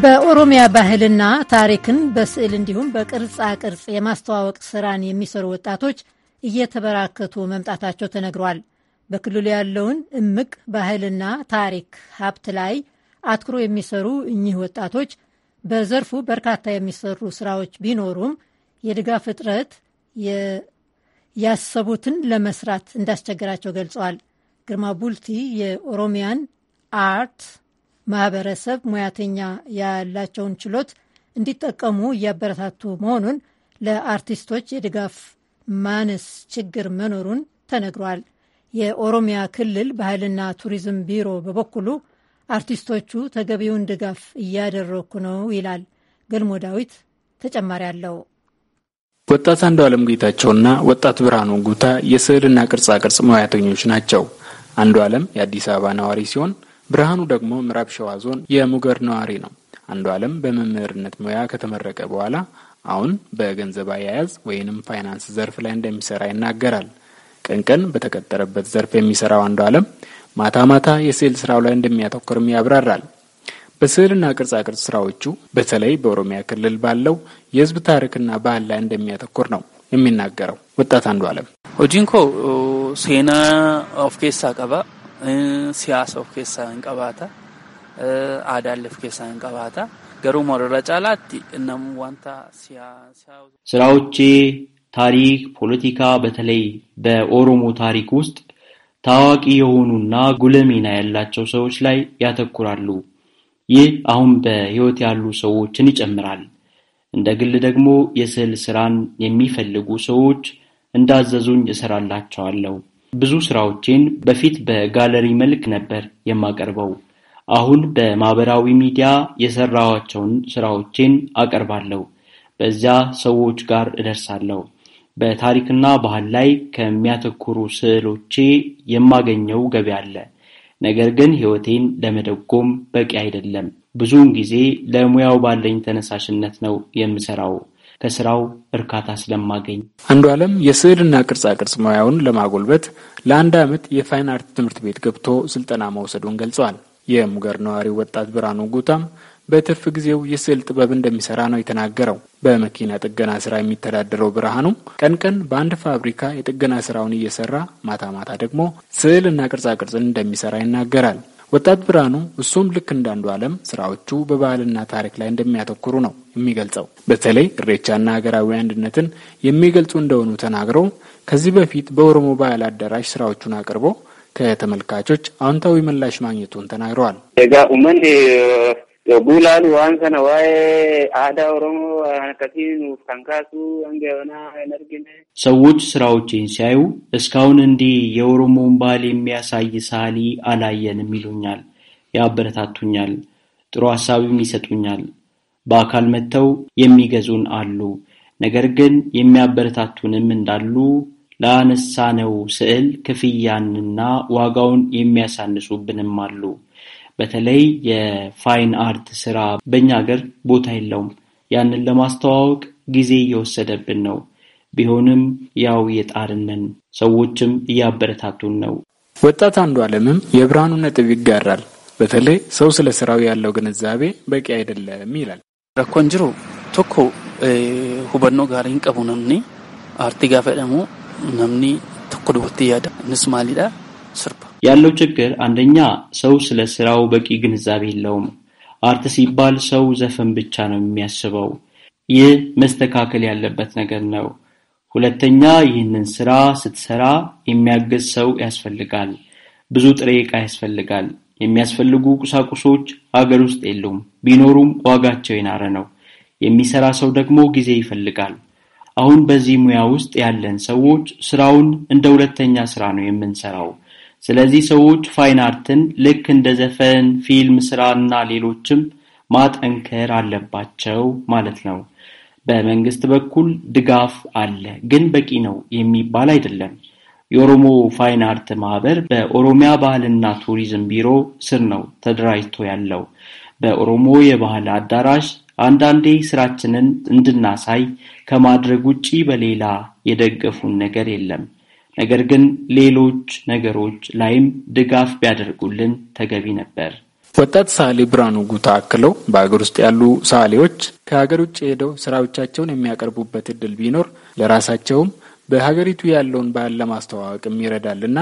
በኦሮሚያ ባህልና ታሪክን በስዕል እንዲሁም በቅርጻ ቅርጽ የማስተዋወቅ ስራን የሚሰሩ ወጣቶች እየተበራከቱ መምጣታቸው ተነግሯል። በክልሉ ያለውን እምቅ ባህልና ታሪክ ሀብት ላይ አትኩሮ የሚሰሩ እኚህ ወጣቶች በዘርፉ በርካታ የሚሰሩ ስራዎች ቢኖሩም የድጋፍ እጥረት ያሰቡትን ለመስራት እንዳስቸገራቸው ገልጸዋል። ግርማ ቡልቲ የኦሮሚያን አርት ማህበረሰብ ሙያተኛ ያላቸውን ችሎት እንዲጠቀሙ እያበረታቱ መሆኑን ለአርቲስቶች የድጋፍ ማነስ ችግር መኖሩን ተነግሯል። የኦሮሚያ ክልል ባህልና ቱሪዝም ቢሮ በበኩሉ አርቲስቶቹ ተገቢውን ድጋፍ እያደረኩ ነው ይላል። ገልሞ ዳዊት ተጨማሪ አለው። ወጣት አንዱ አለም ጌታቸውና ወጣት ብርሃኑ ጉታ የስዕልና ቅርጻቅርጽ ሙያተኞች ናቸው። አንዱ አለም የአዲስ አበባ ነዋሪ ሲሆን ብርሃኑ ደግሞ ምዕራብ ሸዋ ዞን የሙገር ነዋሪ ነው። አንዱ አለም በመምህርነት ሙያ ከተመረቀ በኋላ አሁን በገንዘብ አያያዝ ወይንም ፋይናንስ ዘርፍ ላይ እንደሚሰራ ይናገራል። ቅንቅን በተቀጠረበት ዘርፍ የሚሰራው አንዱ አለም ማታ ማታ የስዕል ስራው ላይ እንደሚያተኩርም ያብራራል። በስዕልና ቅርጻ ቅርጽ ስራዎቹ በተለይ በኦሮሚያ ክልል ባለው የህዝብ ታሪክና ባህል ላይ እንደሚያተኩር ነው የሚናገረው ወጣት አንዱ አለም። ሆጂንኮ ሴና ኦፍ ኬሳ ቀባ ሲያስ ኦፍ ኬሳ እንቀባታ አዳለፍ ኬሳ እንቀባታ ስራዎቼ ታሪክ፣ ፖለቲካ በተለይ በኦሮሞ ታሪክ ውስጥ ታዋቂ የሆኑና ጉለሚና ያላቸው ሰዎች ላይ ያተኩራሉ። ይህ አሁን በሕይወት ያሉ ሰዎችን ይጨምራል። እንደ ግል ደግሞ የስዕል ስራን የሚፈልጉ ሰዎች እንዳዘዙኝ እሰራላቸዋለሁ። ብዙ ስራዎቼን በፊት በጋለሪ መልክ ነበር የማቀርበው። አሁን በማህበራዊ ሚዲያ የሰራኋቸውን ስራዎቼን አቀርባለሁ። በዚያ ሰዎች ጋር እደርሳለሁ። በታሪክና ባህል ላይ ከሚያተኩሩ ስዕሎቼ የማገኘው ገቢ አለ። ነገር ግን ህይወቴን ለመደጎም በቂ አይደለም። ብዙውን ጊዜ ለሙያው ባለኝ ተነሳሽነት ነው የምሰራው ከስራው እርካታ ስለማገኝ። አንዱ ዓለም የስዕልና ቅርጻ ቅርጽ ሙያውን ለማጎልበት ለአንድ ዓመት የፋይን አርት ትምህርት ቤት ገብቶ ስልጠና መውሰዱን ገልጸዋል። የሙገር ነዋሪው ወጣት ብርሃኑ ጉታም በትርፍ ጊዜው የስዕል ጥበብ እንደሚሰራ ነው የተናገረው። በመኪና ጥገና ስራ የሚተዳደረው ብርሃኑ ቀን ቀን በአንድ ፋብሪካ የጥገና ስራውን እየሰራ ማታ ማታ ደግሞ ስዕልና ቅርጻቅርጽን እንደሚሰራ ይናገራል። ወጣት ብርሃኑ እሱም ልክ እንዳንዱ ዓለም ስራዎቹ በባህልና ታሪክ ላይ እንደሚያተኩሩ ነው የሚገልጸው። በተለይ እሬቻና ሀገራዊ አንድነትን የሚገልጹ እንደሆኑ ተናግረው ከዚህ በፊት በኦሮሞ ባህል አዳራሽ ስራዎቹን አቅርቦ ከተመልካቾች አዎንታዊ ምላሽ ማግኘቱን ተናግረዋል። ኡመን ዋንሰነ ዋይ አዳ ኦሮሞ ከንካሱ ሰዎች ስራዎችን ሲያዩ እስካሁን እንዲህ የኦሮሞን ባህል የሚያሳይ ሳሊ አላየንም ይሉኛል፣ ያበረታቱኛል፣ ጥሩ ሀሳብም ይሰጡኛል። በአካል መጥተው የሚገዙን አሉ፣ ነገር ግን የሚያበረታቱንም እንዳሉ ለአነሳነው ስዕል ክፍያንና ዋጋውን የሚያሳንሱብንም አሉ። በተለይ የፋይን አርት ስራ በእኛ ሀገር ቦታ የለውም። ያንን ለማስተዋወቅ ጊዜ እየወሰደብን ነው። ቢሆንም ያው የጣርነን ሰዎችም እያበረታቱን ነው። ወጣት አንዱ አለምም የብርሃኑ ነጥብ ይጋራል። በተለይ ሰው ስለ ስራው ያለው ግንዛቤ በቂ አይደለም ይላል። ረኮንጅሮ ቶኮ ሁበኖ ጋር ቀቡ አርቲ ጋፈ ደግሞ namni tokko dubartii yaada innis maalidha sirba ያለው ችግር አንደኛ ሰው ስለ ስራው በቂ ግንዛቤ የለውም። አርት ሲባል ሰው ዘፈን ብቻ ነው የሚያስበው። ይህ መስተካከል ያለበት ነገር ነው። ሁለተኛ ይህንን ስራ ስትሰራ የሚያግዝ ሰው ያስፈልጋል። ብዙ ጥሬ ዕቃ ያስፈልጋል። የሚያስፈልጉ ቁሳቁሶች ሀገር ውስጥ የሉም። ቢኖሩም ዋጋቸው የናረ ነው። የሚሰራ ሰው ደግሞ ጊዜ ይፈልጋል። አሁን በዚህ ሙያ ውስጥ ያለን ሰዎች ስራውን እንደ ሁለተኛ ስራ ነው የምንሰራው። ስለዚህ ሰዎች ፋይን አርትን ልክ እንደ ዘፈን፣ ፊልም ስራ እና ሌሎችም ማጠንከር አለባቸው ማለት ነው። በመንግስት በኩል ድጋፍ አለ፣ ግን በቂ ነው የሚባል አይደለም። የኦሮሞ ፋይን አርት ማህበር በኦሮሚያ ባህልና ቱሪዝም ቢሮ ስር ነው ተደራጅቶ ያለው። በኦሮሞ የባህል አዳራሽ አንዳንዴ ስራችንን እንድናሳይ ከማድረግ ውጪ በሌላ የደገፉን ነገር የለም። ነገር ግን ሌሎች ነገሮች ላይም ድጋፍ ቢያደርጉልን ተገቢ ነበር። ወጣት ሳሌ ብርሃኑ ጉታ አክለው በሀገር ውስጥ ያሉ ሳሌዎች ከሀገር ውጭ ሄደው ስራዎቻቸውን የሚያቀርቡበት እድል ቢኖር ለራሳቸውም በሀገሪቱ ያለውን ባህል ለማስተዋወቅም ይረዳልና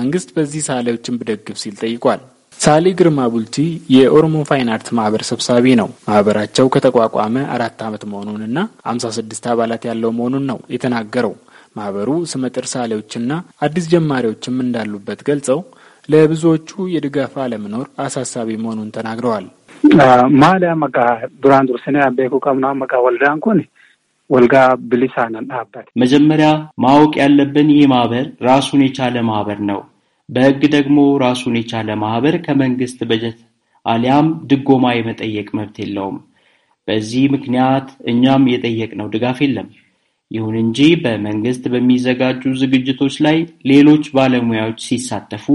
መንግስት በዚህ ሳሌዎችን ብደግፍ ሲል ጠይቋል። ሳሊ ግርማ ቡልቲ የኦሮሞ ፋይን አርት ማህበር ሰብሳቢ ነው። ማህበራቸው ከተቋቋመ አራት ዓመት መሆኑንና አምሳ ስድስት አባላት ያለው መሆኑን ነው የተናገረው። ማህበሩ ስመጥር ሳሌዎችና አዲስ ጀማሪዎችም እንዳሉበት ገልጸው ለብዙዎቹ የድጋፍ አለመኖር አሳሳቢ መሆኑን ተናግረዋል። ማሊያ መቃ ዱራን ዱርስኔ አቤኩ ቀምና መቃ ወልዳን ኩን ወልጋ ብሊሳ አበት መጀመሪያ ማወቅ ያለብን ይህ ማህበር ራሱን የቻለ ማህበር ነው። በሕግ ደግሞ ራሱን የቻለ ማኅበር ከመንግሥት በጀት አሊያም ድጎማ የመጠየቅ መብት የለውም። በዚህ ምክንያት እኛም የጠየቅነው ድጋፍ የለም። ይሁን እንጂ በመንግሥት በሚዘጋጁ ዝግጅቶች ላይ ሌሎች ባለሙያዎች ሲሳተፉ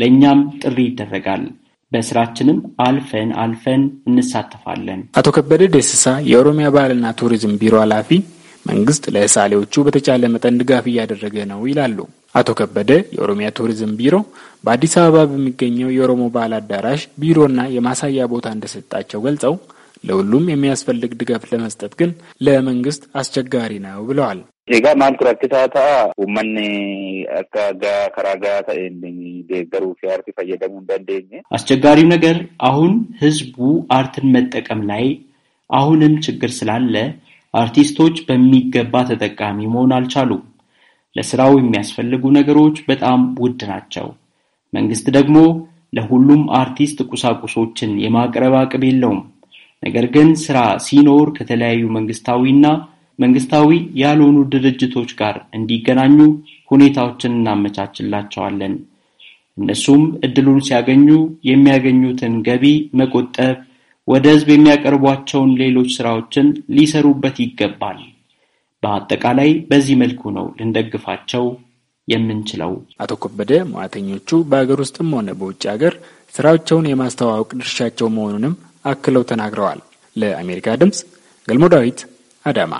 ለእኛም ጥሪ ይደረጋል። በስራችንም አልፈን አልፈን እንሳተፋለን። አቶ ከበደ ደስሳ የኦሮሚያ ባህልና ቱሪዝም ቢሮ ኃላፊ መንግስት ለሳሌዎቹ በተቻለ መጠን ድጋፍ እያደረገ ነው ይላሉ አቶ ከበደ። የኦሮሚያ ቱሪዝም ቢሮ በአዲስ አበባ በሚገኘው የኦሮሞ ባህል አዳራሽ ቢሮና የማሳያ ቦታ እንደሰጣቸው ገልጸው ለሁሉም የሚያስፈልግ ድጋፍ ለመስጠት ግን ለመንግስት አስቸጋሪ ነው ብለዋል። ዜጋ ማልቱ ረኪሳ ታ ኡመን አካ ጋ ከራጋ ደገሩ አርት ፈየደሙ እንደንደኝ አስቸጋሪው ነገር አሁን ህዝቡ አርትን መጠቀም ላይ አሁንም ችግር ስላለ አርቲስቶች በሚገባ ተጠቃሚ መሆን አልቻሉም። ለስራው የሚያስፈልጉ ነገሮች በጣም ውድ ናቸው። መንግስት ደግሞ ለሁሉም አርቲስት ቁሳቁሶችን የማቅረብ አቅም የለውም። ነገር ግን ስራ ሲኖር ከተለያዩ መንግስታዊና መንግስታዊ ያልሆኑ ድርጅቶች ጋር እንዲገናኙ ሁኔታዎችን እናመቻችላቸዋለን። እነሱም እድሉን ሲያገኙ የሚያገኙትን ገቢ መቆጠብ ወደ ህዝብ የሚያቀርቧቸውን ሌሎች ሥራዎችን ሊሰሩበት ይገባል። በአጠቃላይ በዚህ መልኩ ነው ልንደግፋቸው የምንችለው። አቶ ከበደ ሙያተኞቹ በሀገር ውስጥም ሆነ በውጭ ሀገር ስራዎቸውን የማስተዋወቅ ድርሻቸው መሆኑንም አክለው ተናግረዋል። ለአሜሪካ ድምፅ ገልሞ ዳዊት አዳማ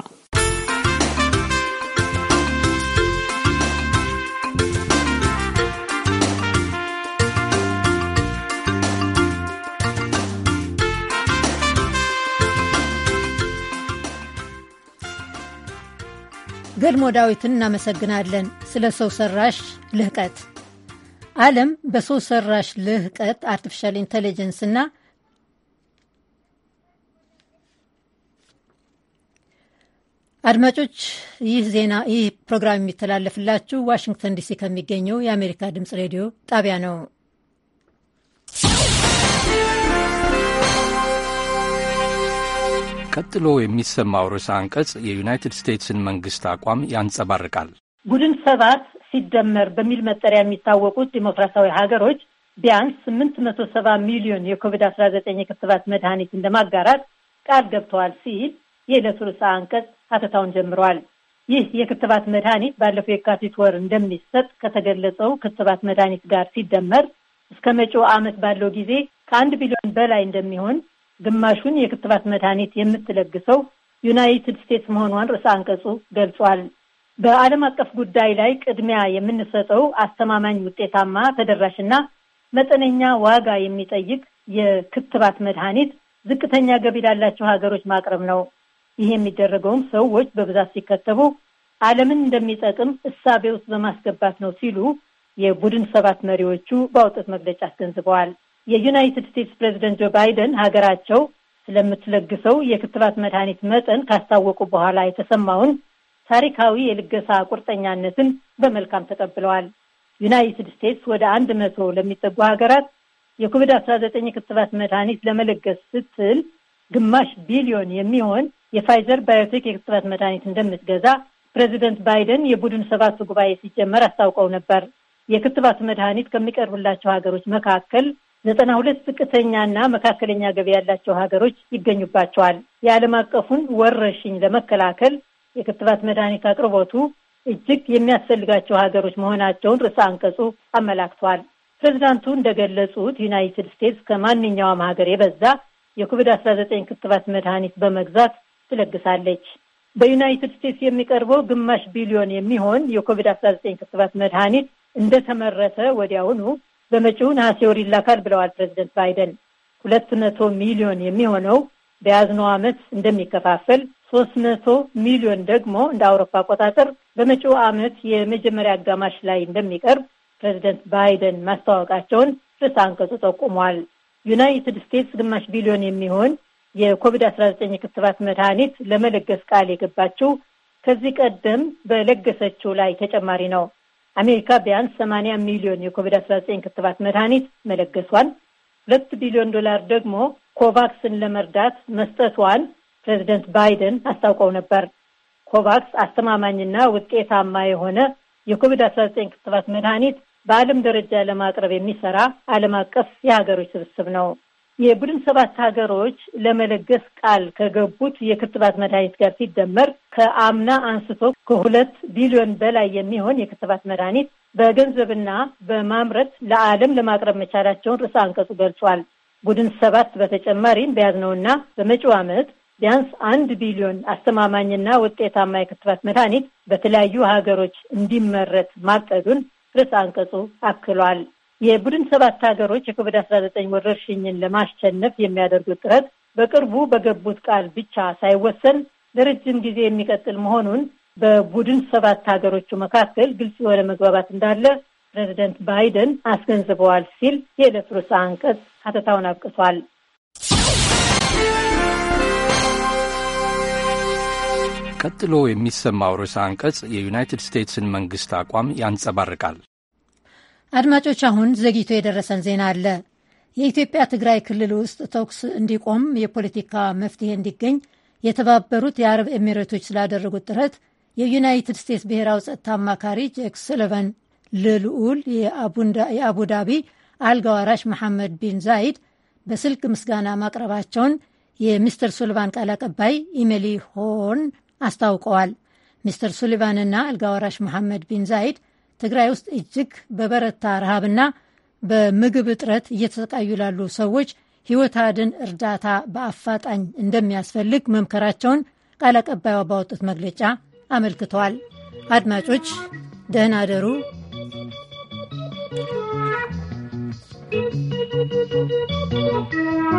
ገልሞ ዳዊትን እናመሰግናለን። ስለ ሰው ሰራሽ ልህቀት ዓለም በሰው ሰራሽ ልህቀት አርቲፊሻል ኢንቴሊጀንስና አድማጮች ይህ ዜና ይህ ፕሮግራም የሚተላለፍላችሁ ዋሽንግተን ዲሲ ከሚገኘው የአሜሪካ ድምፅ ሬዲዮ ጣቢያ ነው። ቀጥሎ የሚሰማው ርዕሰ አንቀጽ የዩናይትድ ስቴትስን መንግስት አቋም ያንጸባርቃል። ቡድን ሰባት ሲደመር በሚል መጠሪያ የሚታወቁት ዲሞክራሲያዊ ሀገሮች ቢያንስ ስምንት መቶ ሰባ ሚሊዮን የኮቪድ አስራ ዘጠኝ የክትባት መድኃኒት እንደማጋራት ቃል ገብተዋል ሲል የዕለቱ ርዕሰ አንቀጽ ሀተታውን ጀምረዋል። ይህ የክትባት መድኃኒት ባለፈው የካቲት ወር እንደሚሰጥ ከተገለጸው ክትባት መድኃኒት ጋር ሲደመር እስከ መጪው ዓመት ባለው ጊዜ ከአንድ ቢሊዮን በላይ እንደሚሆን ግማሹን የክትባት መድኃኒት የምትለግሰው ዩናይትድ ስቴትስ መሆኗን ርዕሰ አንቀጹ ገልጿል። በዓለም አቀፍ ጉዳይ ላይ ቅድሚያ የምንሰጠው አስተማማኝ፣ ውጤታማ፣ ተደራሽና መጠነኛ ዋጋ የሚጠይቅ የክትባት መድኃኒት ዝቅተኛ ገቢ ላላቸው ሀገሮች ማቅረብ ነው። ይህ የሚደረገውም ሰዎች በብዛት ሲከተቡ ዓለምን እንደሚጠቅም እሳቤ ውስጥ በማስገባት ነው ሲሉ የቡድን ሰባት መሪዎቹ ባወጡት መግለጫ አስገንዝበዋል። የዩናይትድ ስቴትስ ፕሬዚደንት ጆ ባይደን ሀገራቸው ስለምትለግሰው የክትባት መድኃኒት መጠን ካስታወቁ በኋላ የተሰማውን ታሪካዊ የልገሳ ቁርጠኛነትን በመልካም ተቀብለዋል። ዩናይትድ ስቴትስ ወደ አንድ መቶ ለሚጠጉ ሀገራት የኮቪድ አስራ ዘጠኝ ክትባት መድኃኒት ለመለገስ ስትል ግማሽ ቢሊዮን የሚሆን የፋይዘር ባዮቴክ የክትባት መድኃኒት እንደምትገዛ ፕሬዚደንት ባይደን የቡድን ሰባቱ ጉባኤ ሲጀመር አስታውቀው ነበር። የክትባቱ መድኃኒት ከሚቀርብላቸው ሀገሮች መካከል ዘጠና ሁለት ዝቅተኛና መካከለኛ ገቢ ያላቸው ሀገሮች ይገኙባቸዋል። የዓለም አቀፉን ወረርሽኝ ለመከላከል የክትባት መድኃኒት አቅርቦቱ እጅግ የሚያስፈልጋቸው ሀገሮች መሆናቸውን ርዕሰ አንቀጹ አመላክቷል። ፕሬዚዳንቱ እንደገለጹት ዩናይትድ ስቴትስ ከማንኛውም ሀገር የበዛ የኮቪድ አስራ ዘጠኝ ክትባት መድኃኒት በመግዛት ትለግሳለች። በዩናይትድ ስቴትስ የሚቀርበው ግማሽ ቢሊዮን የሚሆን የኮቪድ አስራ ዘጠኝ ክትባት መድኃኒት እንደተመረተ ወዲያውኑ በመጪው ነሐሴ ወር ይላካል ብለዋል ፕሬዚደንት ባይደን። ሁለት መቶ ሚሊዮን የሚሆነው በያዝነው ዓመት እንደሚከፋፈል፣ ሶስት መቶ ሚሊዮን ደግሞ እንደ አውሮፓ አቆጣጠር በመጪው ዓመት የመጀመሪያ አጋማሽ ላይ እንደሚቀርብ ፕሬዚደንት ባይደን ማስታወቃቸውን ፍስ አንቀጹ ጠቁሟል። ዩናይትድ ስቴትስ ግማሽ ቢሊዮን የሚሆን የኮቪድ-19 ክትባት መድኃኒት ለመለገስ ቃል የገባችው ከዚህ ቀደም በለገሰችው ላይ ተጨማሪ ነው። አሜሪካ ቢያንስ 80 ሚሊዮን የኮቪድ-19 ክትባት መድኃኒት መለገሷን፣ ሁለት ቢሊዮን ዶላር ደግሞ ኮቫክስን ለመርዳት መስጠቷን ፕሬዚደንት ባይደን አስታውቀው ነበር። ኮቫክስ አስተማማኝና ውጤታማ የሆነ የኮቪድ-19 ክትባት መድኃኒት በዓለም ደረጃ ለማቅረብ የሚሰራ ዓለም አቀፍ የሀገሮች ስብስብ ነው። የቡድን ሰባት ሀገሮች ለመለገስ ቃል ከገቡት የክትባት መድኃኒት ጋር ሲደመር ከአምና አንስቶ ከሁለት ቢሊዮን በላይ የሚሆን የክትባት መድኃኒት በገንዘብና በማምረት ለዓለም ለማቅረብ መቻላቸውን ርዕሰ አንቀጹ ገልጿል። ቡድን ሰባት በተጨማሪም በያዝነውና በመጪው ዓመት ቢያንስ አንድ ቢሊዮን አስተማማኝና ውጤታማ የክትባት መድኃኒት በተለያዩ ሀገሮች እንዲመረት ማቀዱን ርዕሰ አንቀጹ አክሏል። የቡድን ሰባት ሀገሮች የኮቪድ አስራ ዘጠኝ ወረርሽኝን ለማሸነፍ የሚያደርጉት ጥረት በቅርቡ በገቡት ቃል ብቻ ሳይወሰን ለረጅም ጊዜ የሚቀጥል መሆኑን በቡድን ሰባት ሀገሮቹ መካከል ግልጽ የሆነ መግባባት እንዳለ ፕሬዚደንት ባይደን አስገንዝበዋል ሲል የዕለቱ ርዕሰ አንቀጽ ሀተታውን አብቅቷል። ቀጥሎ የሚሰማው ርዕሰ አንቀጽ የዩናይትድ ስቴትስን መንግስት አቋም ያንጸባርቃል። አድማጮች፣ አሁን ዘግይቶ የደረሰን ዜና አለ። የኢትዮጵያ ትግራይ ክልል ውስጥ ተኩስ እንዲቆም የፖለቲካ መፍትሄ እንዲገኝ የተባበሩት የአረብ ኤሚሬቶች ስላደረጉት ጥረት የዩናይትድ ስቴትስ ብሔራዊ ጸጥታ አማካሪ ጄክ ሱሊቫን ለልዑል የአቡዳቢ አልጋዋራሽ መሐመድ ቢን ዛይድ በስልክ ምስጋና ማቅረባቸውን የሚስተር ሱሊቫን ቃል አቀባይ ኢሜሊ ሆን አስታውቀዋል። ሚስተር ሱሊቫንና አልጋዋራሽ መሐመድ ቢን ዛይድ ትግራይ ውስጥ እጅግ በበረታ ረሃብና በምግብ እጥረት እየተሰቃዩ ላሉ ሰዎች ሕይወት አድን እርዳታ በአፋጣኝ እንደሚያስፈልግ መምከራቸውን ቃል አቀባዩ ባወጡት መግለጫ አመልክተዋል። አድማጮች ደህና አደሩ።